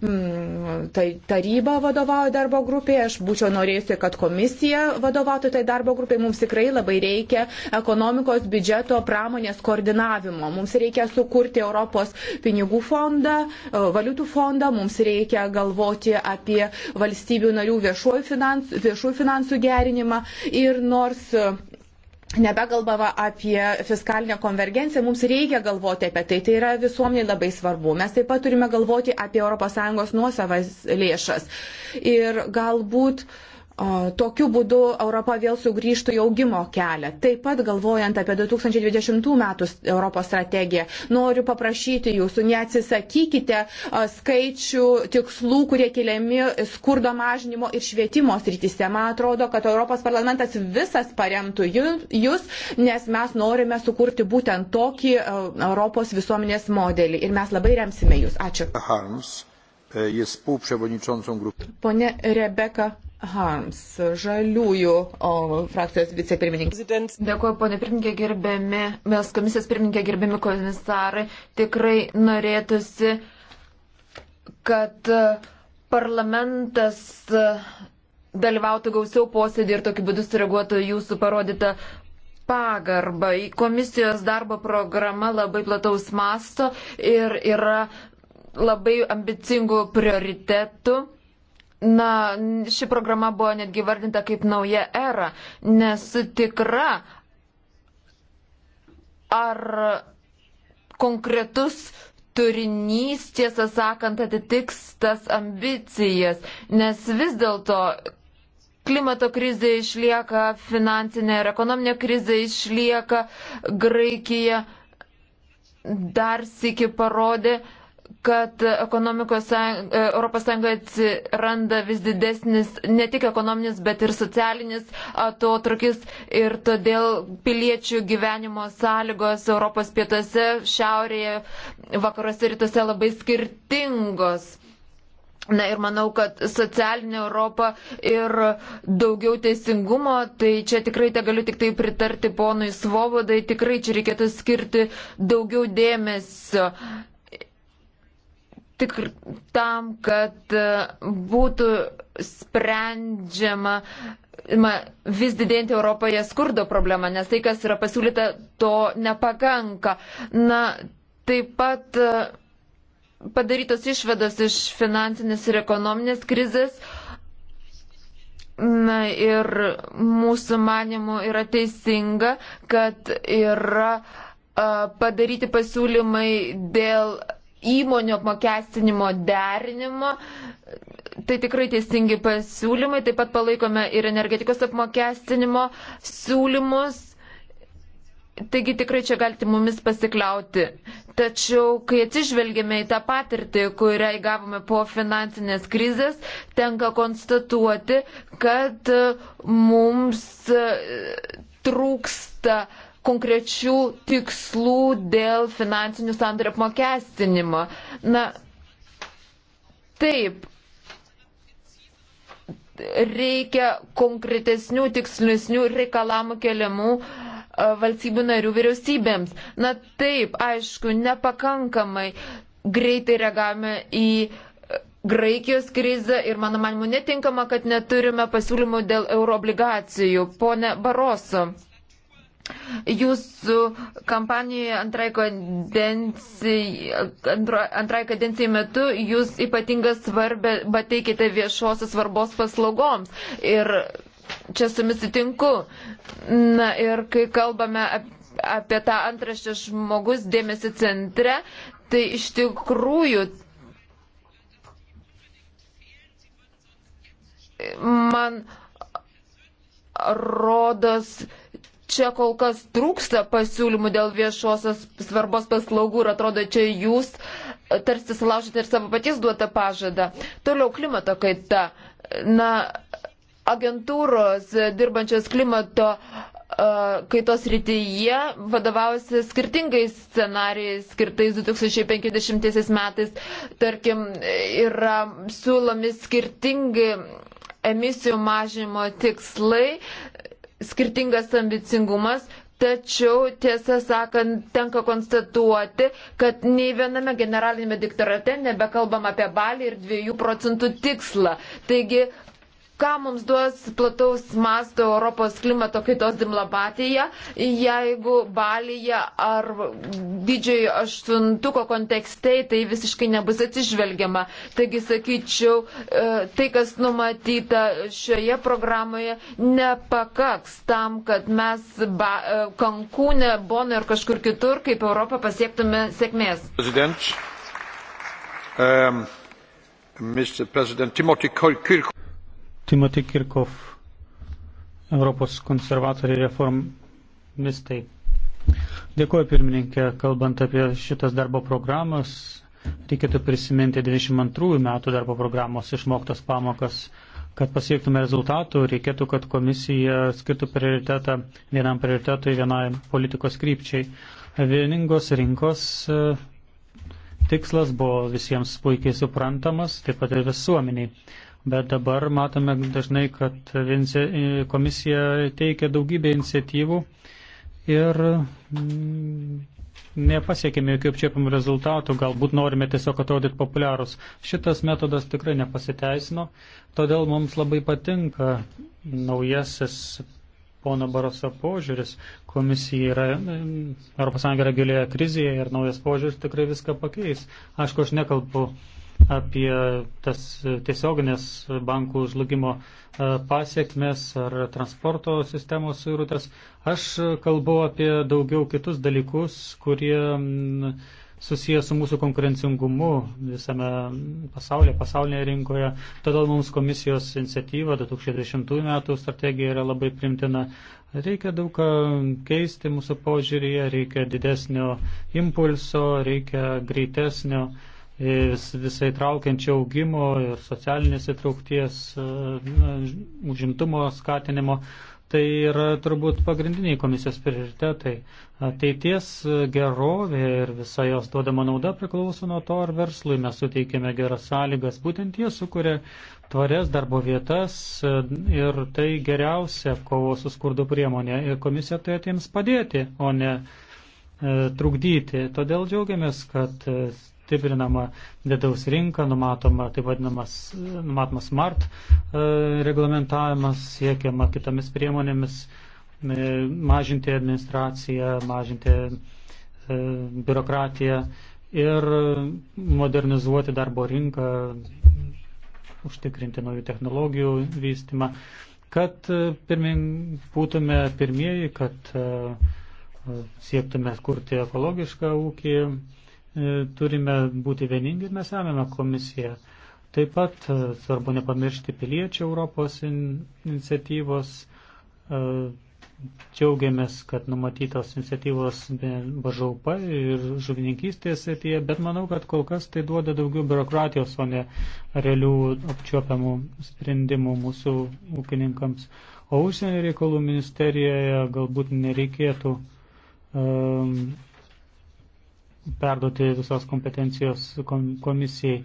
mm, tai taryba vadovauja darbo grupėje, aš būčiau norėjusi, kad komisija vadovautų tai darbo grupėje. Mums tikrai labai reikia ekonomikos biudžeto pramonės koordinavimo. Mums reikia sukurti Europos pinigų fondą, e, valiutų fondą, mums reikia galvoti apie valstybių narių viešųjų finansų, viešų finansų gerinimą ir nors e, nebegalbama apie fiskalinę konvergenciją, mums reikia galvoti apie tai, tai yra visuomeniai labai svarbu. Mes taip pat turime galvoti apie ES nuosavas lėšas. Ir galbūt uh, Tokiu būdu Europa vėl sugrįžtų į augimo kelią. Taip pat galvojant apie 2020 metų Europos strategiją, noriu paprašyti jūsų, neatsisakykite skaičių tikslų, kurie keliami skurdo mažinimo ir švietimo srityse. Man atrodo, kad Europos parlamentas visas paremtų jūs, nes mes norime sukurti būtent tokį Europos visuomenės modelį ir mes labai remsime jūs. Ačiū. Harms, jis pūpšė voničonsų grupę. Pone Rebeka Harms, žaliųjų o, frakcijos vicepirmininkė. Dėkuoju, ponė pirmininkė, gerbiami, mes komisijos pirmininkė, gerbiami komisarai, tikrai norėtųsi, kad e, parlamentas e, dalyvautų gausiau posėdį ir tokiu būdu sureaguotų jūsų parodytą pagarbą. Komisijos darbo programa labai plataus masto ir yra labai ambicingų prioritetų Na, ši programa buvo netgi vardinta kaip nauja era, nes tikra ar konkretus turinys, tiesą sakant, atitiks tas ambicijas, nes vis dėlto klimato krizė išlieka, finansinė ir ekonominė krizė išlieka, Graikija dar sėki parodė, kad ekonomikos ES atsiranda vis didesnis ne tik ekonominis, bet ir socialinis atotrukis ir todėl piliečių gyvenimo sąlygos Europos pietuose, šiaurėje, vakaruose ir rytuose labai skirtingos. Na ir manau, kad socialinė Europa ir daugiau teisingumo, tai čia tikrai te galiu tik tai pritarti ponui Svobodai, tikrai čia reikėtų skirti daugiau dėmesio tikr, tam, kad e, būtų sprendžiama vis didėjantį Europoje skurdo problemą, nes tai, kas yra pasiūlyta, to nepakanka. Na, taip pat e, padarytos išvados iš finansinės ir ekonominės krizės. Na ir mūsų manimų yra teisinga, kad yra e, padaryti pasiūlymai dėl įmonių apmokestinimo derinimo. Tai tikrai teisingi pasiūlymai. Taip pat palaikome ir energetikos apmokestinimo siūlymus. Taigi tikrai čia galite mumis pasikliauti. Tačiau, kai atsižvelgėme į tą patirtį, kurią įgavome po finansinės krizės, tenka konstatuoti, kad mums e, trūksta uh, konkrečių tikslų dėl finansinių sandorių apmokestinimo. Na, taip, reikia konkretesnių, tikslesnių reikalamų keliamų e, valstybių narių vyriausybėms. Na taip, aišku, nepakankamai greitai reagavome į e, Graikijos krizę ir, mano manimu, netinkama, kad neturime pasiūlymų dėl euroobligacijų. Pone Baroso. Jūsų kampanijoje antrai kadencijai, antrai kadencijai metu jūs ypatingą svarbę pateikite viešosios svarbos paslaugoms. Ir čia su jumis sutinku. Na ir kai kalbame apie tą antraštę žmogus dėmesį centre, tai iš tikrųjų man rodos čia kol kas trūksta pasiūlymų dėl viešosios svarbos paslaugų ir atrodo, čia jūs e, tarsi sulaužėte ir savo paties duotą pažadą. Toliau klimato kaita. Na, agentūros dirbančios klimato e, kaitos rytyje vadovausi skirtingais scenarijais, skirtais 2050 metais, tarkim, yra siūlomi skirtingi emisijų mažinimo tikslai, skirtingas ambicingumas, tačiau tiesą sakant, tenka konstatuoti, kad nei viename generalinėme diktorate nebekalbam apie balį ir 2 procentų tikslą. Taigi ką mums duos plataus masto Europos klimato kaitos dimlabatėje, jeigu Balyje ar didžiojo aštuntuko kontekste tai visiškai nebus atsižvelgiama. Taigi, sakyčiau, e, tai, kas numatyta šioje programoje, nepakaks tam, kad mes ba, e, Kankūne, Bono ir kažkur kitur, kaip Europą, pasiektume sėkmės. President, um, Mr. President Timothy Kirk. Timothy Kirkov, Europos konservatoriai reformistai. Dėkuoju pirmininkė, kalbant apie šitas darbo programas, reikėtų prisiminti 22 metų darbo programos išmoktas pamokas. Kad pasiektume rezultatų, reikėtų, kad komisija skirtų prioritetą vienam prioritetui, vienai politikos krypčiai. Vieningos rinkos e, tikslas buvo visiems puikiai suprantamas, taip pat ir visuomeniai. Bet dabar matome dažnai, kad komisija teikia daugybę iniciatyvų ir mm, nepasiekėme jokių apčiopiamų rezultatų, galbūt norime tiesiog atrodyti populiarus. Šitas metodas tikrai nepasiteisino, todėl mums labai patinka naujasis pono Baroso požiūris. Komisija yra, ES yra gilėje krizėje ir naujas požiūris tikrai viską pakeis. Aišku, aš nekalbu apie tas tiesioginės bankų žlugimo e, pasiekmes ar transporto sistemos suirutės. Aš kalbu apie daugiau kitus dalykus, kurie susijęs su mūsų konkurencingumu visame pasaulyje, pasaulinėje rinkoje. Todėl mums komisijos iniciatyva 2020 metų strategija yra labai primtina. Reikia daug ką keisti mūsų požiūrėje, reikia didesnio impulso, reikia greitesnio uh, vis, visai traukiančio augimo ir socialinės įtraukties, e, užimtumo skatinimo. Tai yra turbūt pagrindiniai komisijos prioritetai. Ateities gerovė ir visa jos duodama nauda priklauso nuo to, ar verslui mes suteikėme geras sąlygas. Būtent jie sukuria tvarias darbo vietas e, ir tai geriausia kovo su skurdu priemonė. Ir komisija turėtų tai jiems padėti, o ne e, trukdyti. Todėl džiaugiamės, kad e, stiprinama vidaus rinka, numatoma taip vadinamas numatomas smart e, reglamentavimas, siekiama kitomis priemonėmis e, mažinti administraciją, mažinti e, biurokratiją ir modernizuoti darbo rinką, užtikrinti naujų technologijų vystymą, kad pirmin, būtume pirmieji, kad siektume kurti ekologišką ūkį, E, turime būti vieningi ir mes remiame komisiją. Taip pat e, svarbu nepamiršti piliečių Europos in, iniciatyvos. E, džiaugiamės, kad numatytos iniciatyvos bažaupa ir žuvininkystės srityje, bet manau, kad kol kas tai duoda daugiau biurokratijos, o ne realių apčiuopiamų sprendimų mūsų ūkininkams. O užsienio reikalų ministerijoje galbūt nereikėtų um, perduoti visos kompetencijos komisijai.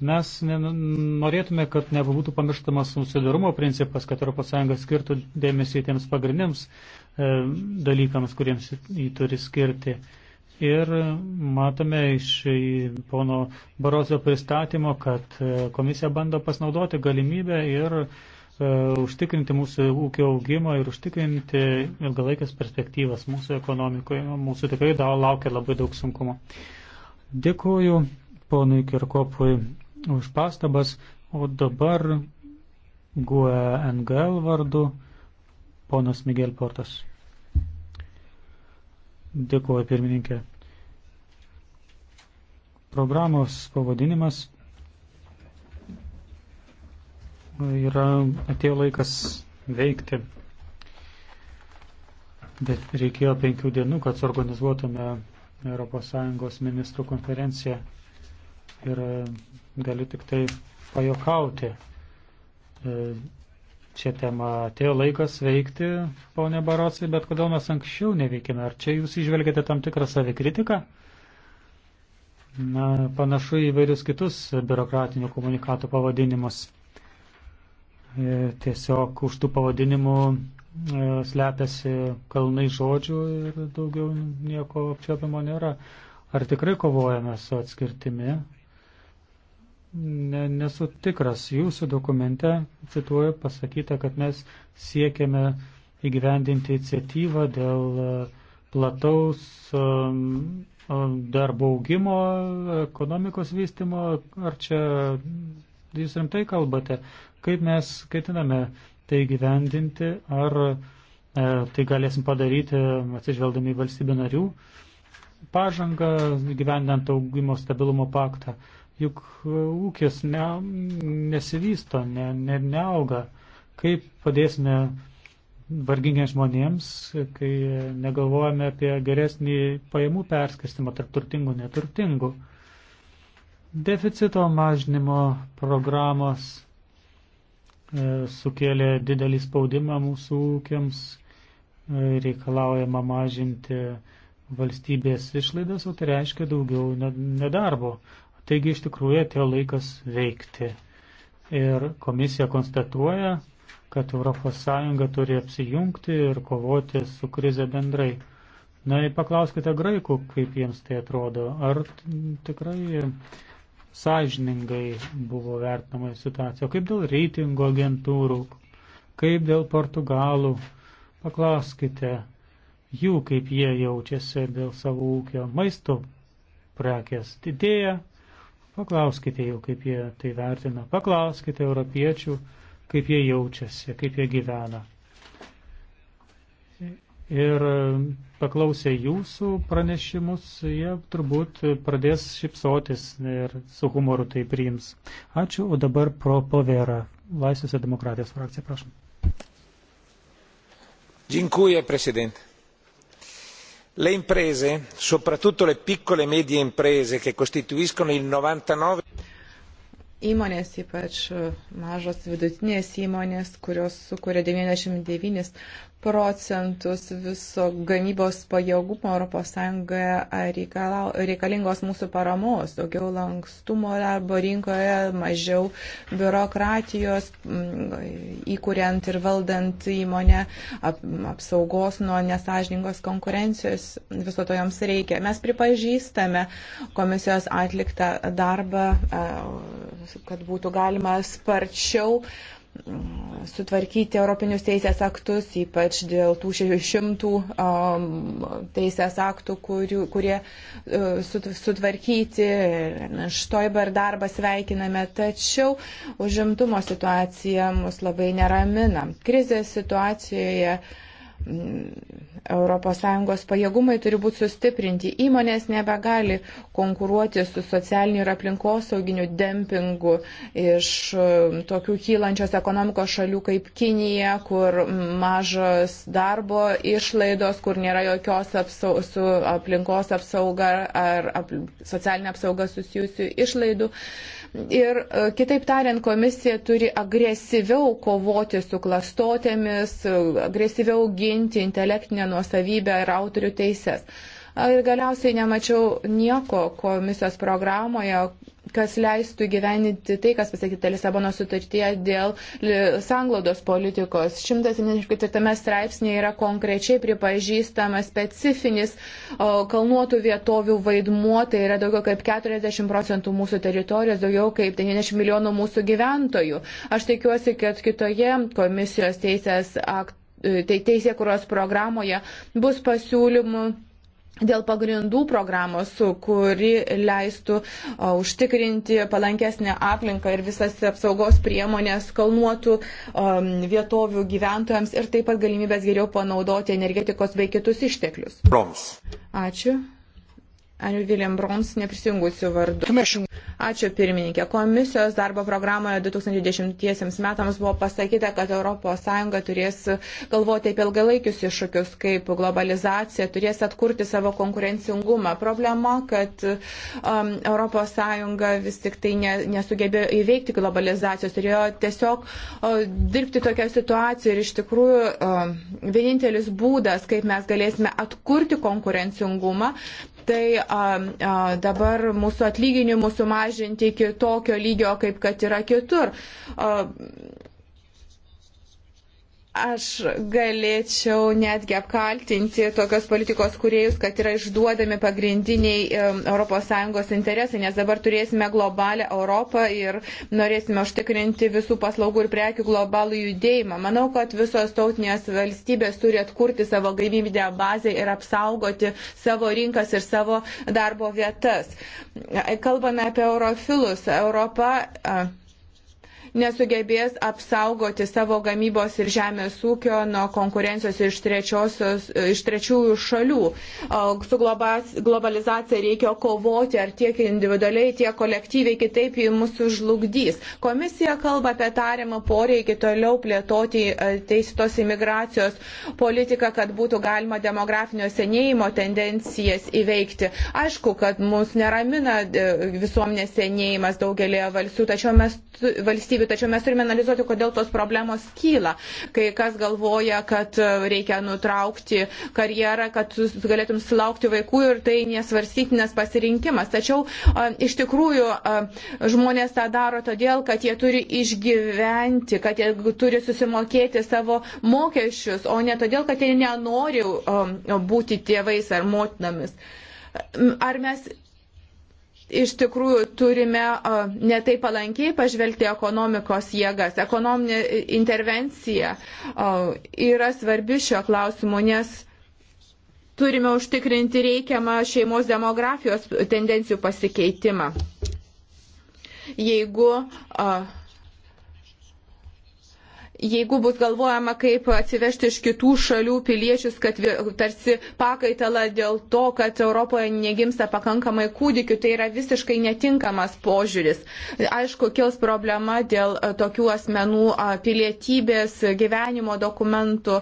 Mes norėtume, kad nebūtų pamirštamas susidarumo principas, kad ES skirtų dėmesį tiems pagrindiniams e, dalykams, kuriems jį turi skirti. Ir matome iš pono Barozio pristatymo, kad e, komisija bando pasinaudoti galimybę ir E, užtikrinti mūsų ūkio augimą ir užtikrinti ilgalaikės perspektyvas mūsų ekonomikoje. Mūsų tikrai laukia labai daug sunkumo. Dėkuoju ponui Kirkopui už pastabas, o dabar guoja e NGL vardu ponas Miguel Portas. Dėkuoju pirmininkė. Programos pavadinimas yra atėjo laikas veikti. Bet reikėjo penkių dienų, kad suorganizuotume ES ministrų konferenciją. Ir e, galiu tik tai pajokauti. E, čia tema atėjo laikas veikti, ponė Barosai, bet kodėl mes anksčiau neveikime? Ar čia jūs išvelgėte tam tikrą savikritiką? Na, panašu į vairius kitus biurokratinių komunikatų pavadinimus. E, tiesiog už tų pavadinimų e, slepiasi kalnai žodžių ir daugiau nieko apčiopiamo nėra. Ar tikrai kovojame su atskirtimi? Ne, nesu tikras. Jūsų dokumente, cituoju, pasakyta, kad mes siekiame įgyvendinti iniciatyvą dėl e, plataus darbo augimo, ekonomikos vystimo. Ar čia jūs rimtai kalbate? Kaip mes ketiname tai gyvendinti, ar e, tai galėsim padaryti e, atsižvelgdami į valstybių narių pažangą, gyvendant augimo stabilumo paktą. Juk e, ūkis ne, nesivysto, ne, ne, neauga. Kaip padėsime vargingiems žmonėms, kai negalvojame apie geresnį pajamų perskirstimą tarp turtingų ir neturtingų. Deficito mažinimo programos E, sukėlė didelį spaudimą mūsų ūkiams, e, reikalaujama mažinti valstybės išlaidas, o tai reiškia daugiau nedarbo. Taigi iš tikrųjų atėjo laikas veikti. Ir komisija konstatuoja, kad ES turi apsijungti ir kovoti su krize bendrai. Na ir paklauskite graikų, kaip jiems tai atrodo. Ar tikrai sąžiningai buvo vertinama situacija. O kaip dėl reitingo agentūrų, kaip dėl portugalų, paklauskite jų, kaip jie jaučiasi dėl savo ūkio maisto prekės didėja, paklauskite jų, kaip jie tai vertina, paklauskite europiečių, kaip jie jaučiasi, kaip jie gyvena ir um, paklausę jūsų pranešimus, jie turbūt pradės šipsotis ir su humoru tai priims. Ačiū, o dabar pro povera. Laisvės ir demokratijos frakcija, prašom. Dziękuję, prezident. Le imprese, soprattutto le piccole e medie imprese che costituiscono il 99 Įmonės, ypač e, mažos vidutinės įmonės, kurios sukuria 99 procentus viso gamybos pajėgumo ES reikalingos mūsų paramos, daugiau lankstumo darbo rinkoje, mažiau biurokratijos, įkuriant ir valdant įmonę, ap, apsaugos nuo nesažningos konkurencijos, viso to joms reikia. Mes pripažįstame komisijos atliktą darbą kad būtų galima sparčiau mm, sutvarkyti Europinius teisės aktus, ypač dėl tų 600 um, teisės aktų, kurių, kurie uh, sutvarkyti. Štoiber darbą sveikiname, tačiau užimtumo situacija mus labai neramina. Krizės situacijoje uh, ES pajėgumai turi būti sustiprinti. Įmonės nebegali konkuruoti su socialiniu ir aplinkosauginiu dempingu iš um, tokių kylančios ekonomikos šalių kaip Kinija, kur mažas darbo išlaidos, kur nėra jokios apsau su aplinkos apsauga ar ap socialinė apsauga susijusių išlaidų. Uh, Ir e, kitaip tariant, komisija turi agresyviau kovoti su klastotėmis, e, agresyviau ginti intelektinę nuosavybę ir autorių teises. Ir galiausiai nemačiau nieko komisijos programoje, kas leistų įgyveninti tai, kas pasakyta Lisabono sutartyje dėl sanglaudos politikos. 174 straipsnėje yra konkrečiai pripažįstamas specifinis kalnuotų vietovių vaidmuo, tai yra daugiau kaip 40 procentų mūsų teritorijos, daugiau kaip 90 milijonų mūsų gyventojų. Aš tikiuosi, kad kitoje komisijos teisės aktų. E, teisėkuros programoje bus pasiūlymų dėl pagrindų programos, kuri leistų o, užtikrinti palankesnę aplinką ir visas apsaugos priemonės kalnuotų o, vietovių gyventojams ir taip pat galimybės geriau panaudoti energetikos bei kitus išteklius. Proms. Ačiū. Aniu Viljam Broms neprisijungusių vardu. Ačiū pirmininkė. Komisijos darbo programoje 2010 metams buvo pasakyta, kad ES turės galvoti apie ilgalaikius iššūkius, kaip globalizacija, turės atkurti savo konkurencingumą. Problema, kad um, ES vis tik tai ne, nesugebėjo įveikti globalizacijos, turėjo tiesiog uh, dirbti tokią situaciją ir iš tikrųjų uh, vienintelis būdas, kaip mes galėsime atkurti konkurencingumą, tai a, a, dabar mūsų atlyginimus sumažinti iki tokio lygio, kaip kad yra kitur. A, Aš galėčiau netgi apkaltinti tokios politikos kuriejus, kad yra išduodami pagrindiniai ES interesai, nes dabar turėsime globalę Europą ir norėsime užtikrinti visų paslaugų ir prekių globalų judėjimą. Manau, kad visos tautinės valstybės turi atkurti savo galimybę bazę ir apsaugoti savo rinkas ir savo darbo vietas. Kalbame apie eurofilus. Europa. A, nesugebės apsaugoti savo gamybos ir žemės ūkio nuo konkurencijos iš, iš trečiųjų šalių. Su globalizacija reikia kovoti ar tiek individualiai, tiek kolektyviai, kitaip jį mūsų žlugdys. Komisija kalba apie tariamą poreikį toliau plėtoti e, teisėtos imigracijos politiką, kad būtų galima demografinio senėjimo tendencijas įveikti. Aišku, kad mus neramina e, visuomenės senėjimas daugelėje valstybių, tačiau mes valstybių valstybių, tačiau mes turime analizuoti, kodėl tos problemos kyla. Kai kas galvoja, kad reikia nutraukti karjerą, kad galėtum sulaukti vaikų ir tai nesvarstytinas pasirinkimas. Tačiau iš tikrųjų žmonės tą daro todėl, kad jie turi išgyventi, kad jie turi susimokėti savo mokesčius, o ne todėl, kad jie nenori būti tėvais ar motinomis. Ar mes iš tikrųjų turime netai palankiai pažvelgti ekonomikos jėgas. Ekonominė intervencija yra svarbi šio klausimu, nes turime užtikrinti reikiamą šeimos demografijos tendencijų pasikeitimą. Jeigu uh, jeigu bus galvojama, kaip atsivežti iš kitų šalių piliečius, kad tarsi pakaitala dėl to, kad Europoje negimsta pakankamai kūdikių, tai yra visiškai netinkamas požiūris. Aišku, kils problema dėl e, tokių asmenų pilietybės, gyvenimo dokumentų.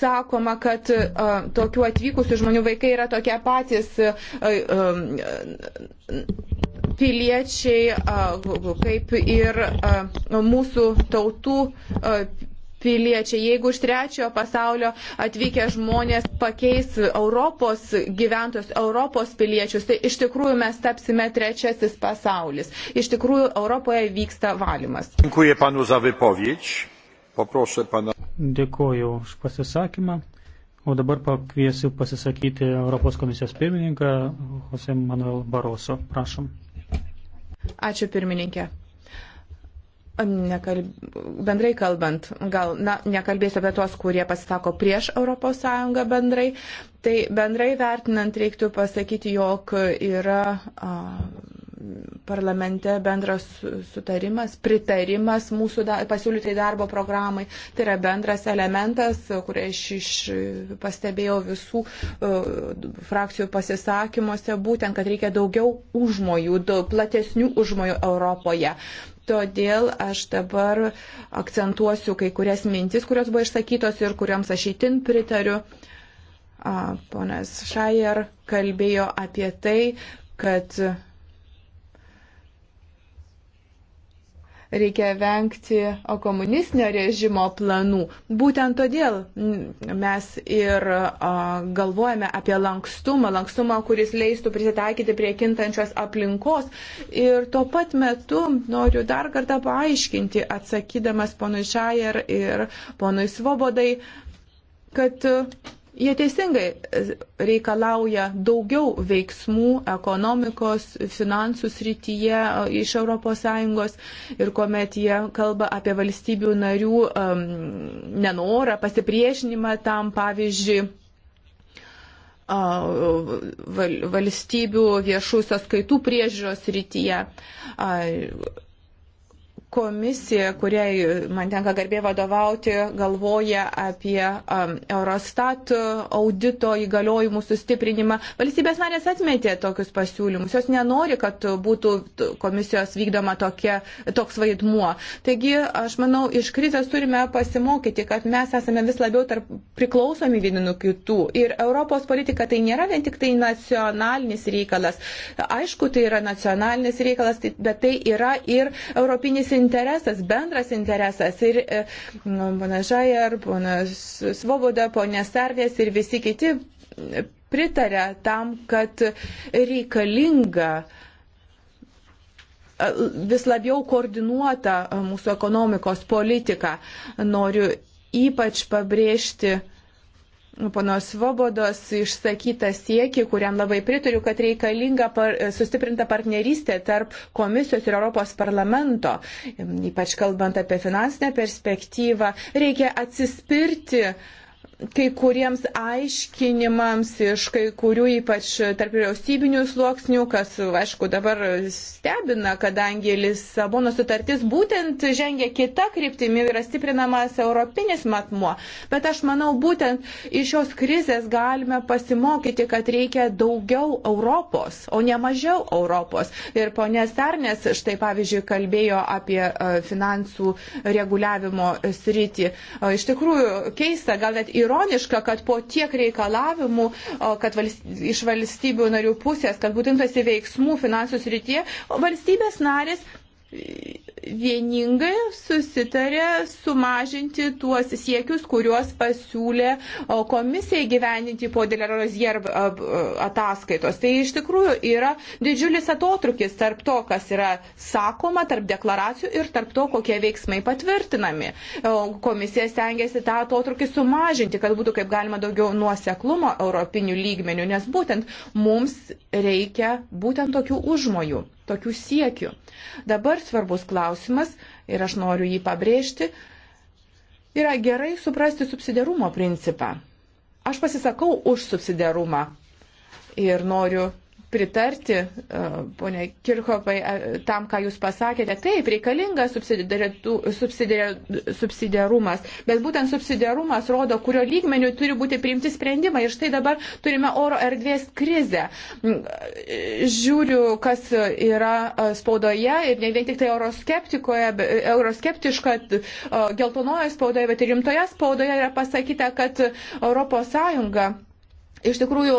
Sakoma, kad e, tokių atvykusių žmonių vaikai yra tokie patys e, piliečiai, kaip ir mūsų tautų piliečiai. Jeigu iš trečiojo pasaulio atvykę žmonės pakeis Europos gyventojus, Europos piliečius, tai iš tikrųjų mes tapsime trečiasis pasaulis. Iš tikrųjų Europoje vyksta valymas. Dėkuoju panu za vypovėdž. Paprošau pana. Dėkuoju už pasisakymą. O dabar pakviesiu pasisakyti Europos komisijos pirmininką Jose Manuel Baroso. Prašom. Ačiū pirmininkė. Nekalb... Bendrai kalbant, gal na, nekalbėsiu apie tuos, kurie pasisako prieš ES bendrai, tai bendrai vertinant reiktų pasakyti, jog yra. A, parlamente bendras sutarimas, pritarimas mūsų da, pasiūlytai darbo programai. Tai yra bendras elementas, kurį aš iš, pastebėjau visų uh, frakcijų pasisakymuose, būtent, kad reikia daugiau užmojų, daug platesnių užmojų Europoje. Todėl aš dabar akcentuosiu kai kurias mintis, kurios buvo išsakytos ir kuriuoms aš įtin pritariu. Uh, ponas Šajer kalbėjo apie tai, kad reikia vengti komunistinio režimo planų. Būtent todėl mes ir galvojame apie lankstumą, lankstumą, kuris leistų prisitaikyti prie kintančios aplinkos. Ir tuo pat metu noriu dar kartą paaiškinti, atsakydamas ponui Šajer ir ponui Svobodai, kad Jie teisingai e, reikalauja daugiau veiksmų ekonomikos, finansų srityje e, iš ES ir kuomet jie kalba apie valstybių narių um, nenorą, pasipriešinimą tam, pavyzdžiui, valstybių viešų sąskaitų priežiūros rytyje komisija, kuriai man tenka garbė vadovauti, galvoja apie um, Eurostat audito įgaliojimų sustiprinimą. Valstybės narės atmetė tokius pasiūlymus. Jos nenori, kad būtų komisijos vykdoma tokia, toks vaidmuo. Taigi, aš manau, iš krizės turime pasimokyti, kad mes esame vis labiau tarp priklausomi vieni nuo kitų. Ir Europos politika tai nėra vien tik tai nacionalinis reikalas. Aišku, tai yra nacionalinis reikalas, tai, bet tai yra ir europinis interesas interesas, bendras interesas. Ir e, pana Žajar, pana Svoboda, pana Sardės ir visi kiti e, pritarė tam, kad reikalinga e, vis labiau koordinuota mūsų ekonomikos politika. Noriu ypač pabrėžti ponos Svobodos išsakytą siekį, kuriam labai pritariu, kad reikalinga par, sustiprinta partnerystė tarp komisijos ir Europos parlamento, ypač kalbant apie finansinę perspektyvą, reikia atsispirti uh, kai kuriems aiškinimams iš kai kurių ypač tarp vyriausybinių sluoksnių, kas, aišku, dabar stebina, kadangi Lisabono sutartis būtent žengia kita kryptimi yra stiprinamas europinis matmuo. Bet aš manau, būtent iš šios krizės galime pasimokyti, kad reikia daugiau Europos, o ne mažiau Europos. Ir ponė Sarnės štai pavyzdžiui kalbėjo apie e, finansų reguliavimo sritį. E, iš tikrųjų, keista, gal net ir ironiška, kad po tiek reikalavimų, kad valst, iš valstybių narių pusės, kad būtintas į veiksmų finansų srityje, valstybės narės vieningai susitarė sumažinti tuos siekius, kuriuos pasiūlė komisija gyveninti po Delero Rozier ataskaitos. Tai iš tikrųjų yra didžiulis atotrukis tarp to, kas yra sakoma, tarp deklaracijų ir tarp to, kokie veiksmai patvirtinami. Komisija stengiasi tą atotrukį sumažinti, kad būtų kaip galima daugiau nuoseklumo europinių lygmenių, nes būtent mums reikia būtent tokių užmojų tokių siekių. Dabar svarbus klausimas, ir aš noriu jį pabrėžti, yra gerai suprasti subsidiarumo principą. Aš pasisakau už subsidiarumą ir noriu pritarti, e, ponė Kirchopai, e, tam, ką jūs pasakėte. Taip, reikalingas subsidiarumas, bet būtent subsidiarumas rodo, kurio lygmenių turi būti priimti sprendimai. Ir štai dabar turime oro erdvės krizę. Mm, e, žiūriu, kas yra spaudoje ir ne vien tik tai euroskeptiška, geltonojo spaudoje, bet ir rimtoje spaudoje yra pasakyta, kad ES iš tikrųjų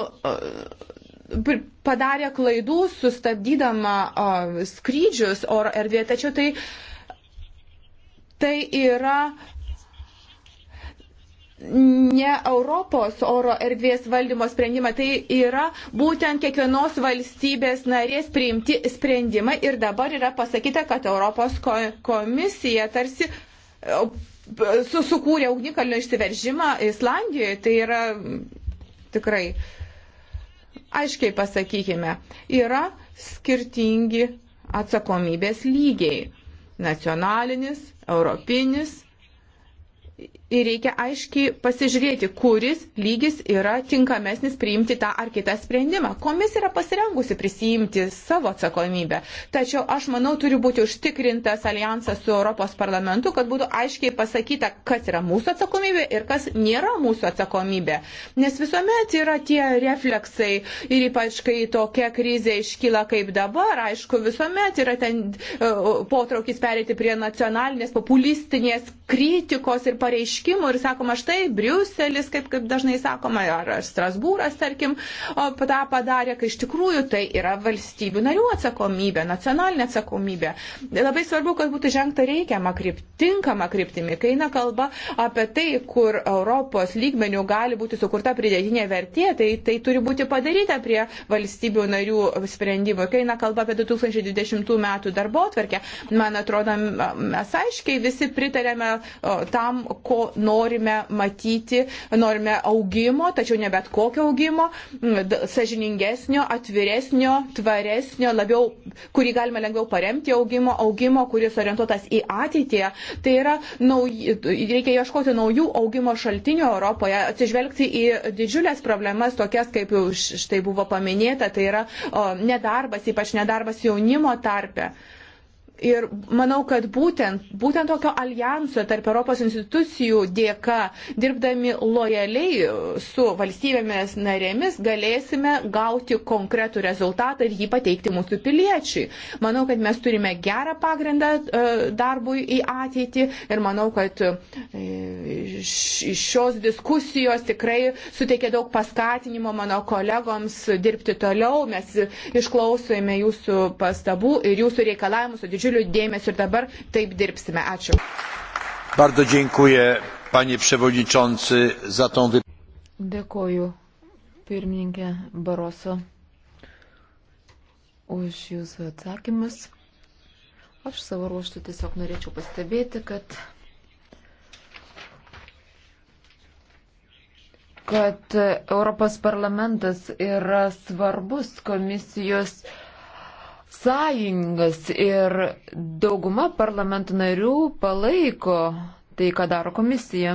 padarė klaidų sustabdydama o, skrydžius oro erdvėje, tačiau tai, tai yra ne Europos oro erdvės valdymo sprendimą, tai yra būtent kiekvienos valstybės narės priimti sprendimai ir dabar yra pasakyta, kad Europos komisija tarsi e, sukūrė ugnikalnio išsiveržimą Islandijoje, tai yra tikrai uh, Aiškiai pasakykime, yra skirtingi atsakomybės lygiai - nacionalinis, europinis ir reikia aiškiai pasižiūrėti, kuris lygis yra tinkamesnis priimti tą ar kitą sprendimą. Komisija yra pasirengusi prisijimti savo atsakomybę. Tačiau aš manau, turi būti užtikrintas alijansas su Europos parlamentu, kad būtų aiškiai pasakyta, kas yra mūsų atsakomybė ir kas nėra mūsų atsakomybė. Nes visuomet yra tie refleksai ir ypač, kai tokia krizė iškyla kaip dabar, aišku, visuomet yra ten e, potraukis perėti prie nacionalinės populistinės kritikos ir pareiškimų pareiškimų ir sakoma, štai Briuselis, kaip, kaip dažnai sakoma, ar Strasbūras, tarkim, tą padarė, kai iš tikrųjų tai yra valstybių narių atsakomybė, nacionalinė atsakomybė. Labai svarbu, kad būtų žengta reikiama kryptimi, tinkama kryptimi, kai eina kalba apie tai, kur Europos lygmenių gali būti sukurta pridėtinė vertė, tai tai turi būti padaryta prie valstybių narių sprendimo. Kai eina kalba apie 2020 metų darbo atverkę, man atrodo, mes aiškiai visi pritarėme tam, ko norime matyti, norime augimo, tačiau ne bet kokio augimo, sažiningesnio, atviresnio, tvaresnio, labiau, kurį galima lengviau paremti augimo, augimo, kuris orientuotas į ateitį. Tai yra, nauj, reikia ieškoti naujų augimo šaltinių Europoje, atsižvelgti į didžiulės problemas, tokias kaip jau štai buvo paminėta, tai yra o, nedarbas, ypač nedarbas jaunimo tarpe. Ir manau, kad būtent, būtent tokio alijanso tarp Europos institucijų dėka, dirbdami lojaliai su valstybėmis narėmis, galėsime gauti konkretų rezultatą ir jį pateikti mūsų piliečiui. Manau, kad mes turime gerą pagrindą e, darbui į ateitį ir manau, kad e, šios diskusijos tikrai suteikė daug paskatinimo mano kolegoms dirbti toliau. Mes išklausome jūsų pastabų ir jūsų reikalavimus su didžiuliu didžiuliu dėmesiu ir dabar taip dirbsime. Ačiū. Bardzo dziękuję, panie przewodniczący, za tą wypowiedź. Dėkoju, pirmininkė Baroso, už jūsų atsakymus. Aš savo ruoštų tiesiog norėčiau pastebėti, kad kad Europos parlamentas yra svarbus komisijos sąjungas ir dauguma parlamento narių palaiko tai, ką daro komisija.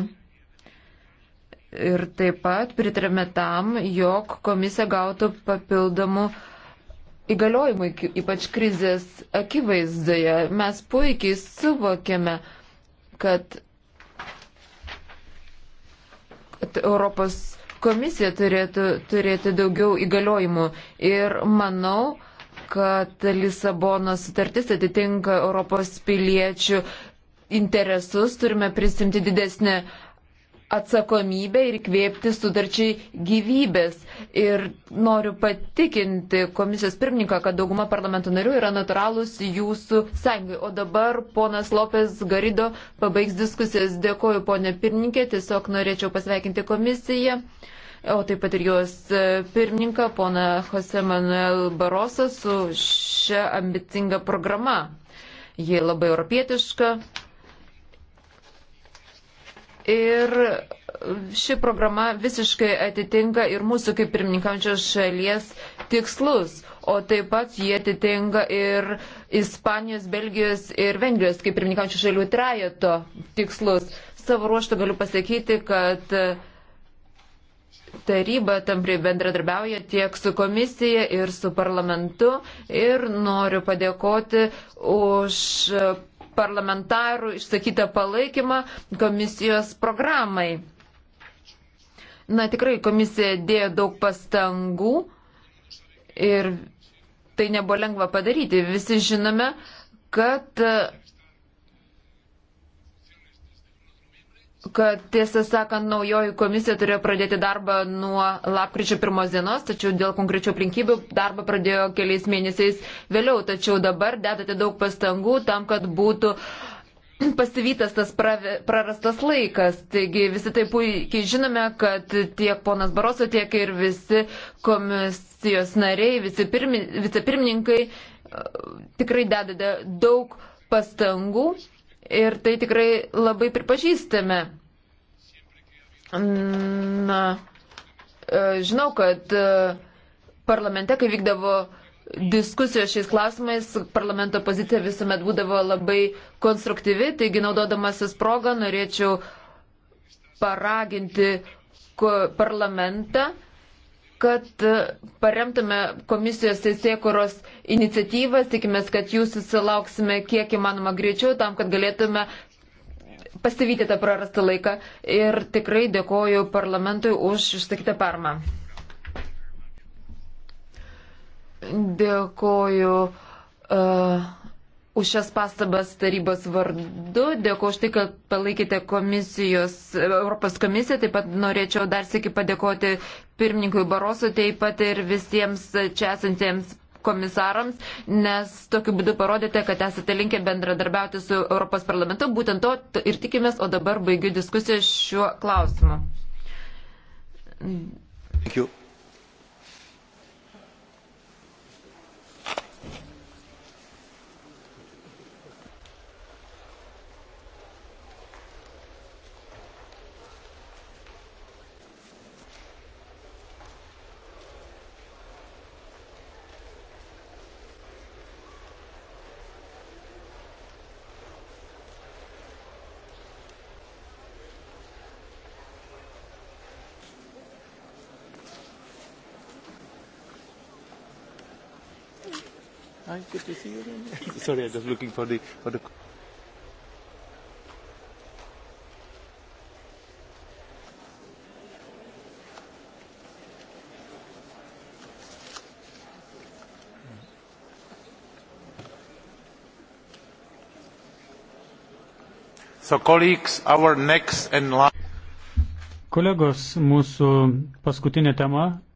Ir taip pat pritarėme tam, jog komisija gautų papildomų įgaliojimų, ypač krizės akivaizdoje. Mes puikiai suvokėme, kad Europos komisija turėtų turėti daugiau įgaliojimų. Ir manau, kad Lisabonos sutartis atitinka Europos piliečių interesus, turime prisimti didesnį atsakomybę ir kvėpti sudarčiai gyvybės. Ir noriu patikinti komisijos pirmininką, kad dauguma parlamento narių yra natūralūs jūsų sąjungai. O dabar ponas Lopez Garido pabaigs diskusijas. Dėkoju, ponė pirmininkė, tiesiog norėčiau pasveikinti komisiją o taip pat ir jos e, pirmininką, poną Jose Manuel Barosą, su šia ambicinga programa. Ji labai europietiška. Ir ši programa visiškai atitinka ir mūsų kaip pirmininkaujančios šalies tikslus, o taip pat jie atitinka ir Ispanijos, Belgijos ir Vengrijos kaip pirmininkaujančių šalių trajeto tikslus. Savo ruoštų galiu pasakyti, kad uh, taryba tampriai bendradarbiauja tiek su komisija ir su parlamentu ir noriu padėkoti už parlamentarų išsakytą palaikymą komisijos programai. Na tikrai komisija dėjo daug pastangų ir tai nebuvo lengva padaryti. Visi žinome, kad kad tiesą sakant, naujoji komisija turėjo pradėti darbą nuo lapkričio pirmos dienos, tačiau dėl konkrečių aplinkybių darbą pradėjo keliais mėnesiais vėliau, tačiau dabar dedate daug pastangų tam, kad būtų pasivytas tas pravė, prarastas laikas. Taigi visi tai puikiai žinome, kad tiek ponas Baroso, tiek ir visi komisijos nariai, visi pirmi, vicepirmininkai e, tikrai dedate daug pastangų ir tai tikrai labai pripažįstame. Na, e, žinau, kad e, parlamente, kai vykdavo diskusijos šiais klausimais, parlamento pozicija visuomet būdavo labai konstruktyvi, taigi naudodamasis progą norėčiau paraginti parlamentą kad e, paremtume komisijos teisėkuros iniciatyvas, tikimės, kad jūs susilauksime kiek įmanoma greičiau tam, kad galėtume pasivyti tą prarastą laiką ir tikrai dėkoju parlamentui už išsakytą parmą. Dėkoju uh, už šias pastabas tarybos vardu, dėkoju už tai, kad palaikėte komisijos, Europos komisiją, taip pat norėčiau dar sėki padėkoti pirmininkui Barosui, taip pat ir visiems čia esantiems komisarams, nes tokiu būdu parodėte, kad esate linkę bendradarbiauti su Europos parlamentu. Būtent to ir tikimės, o dabar baigiu diskusiją šiuo klausimu. Thank you. sorry, I'm just looking for the, for the So, Kolegos, mūsų paskutinė tema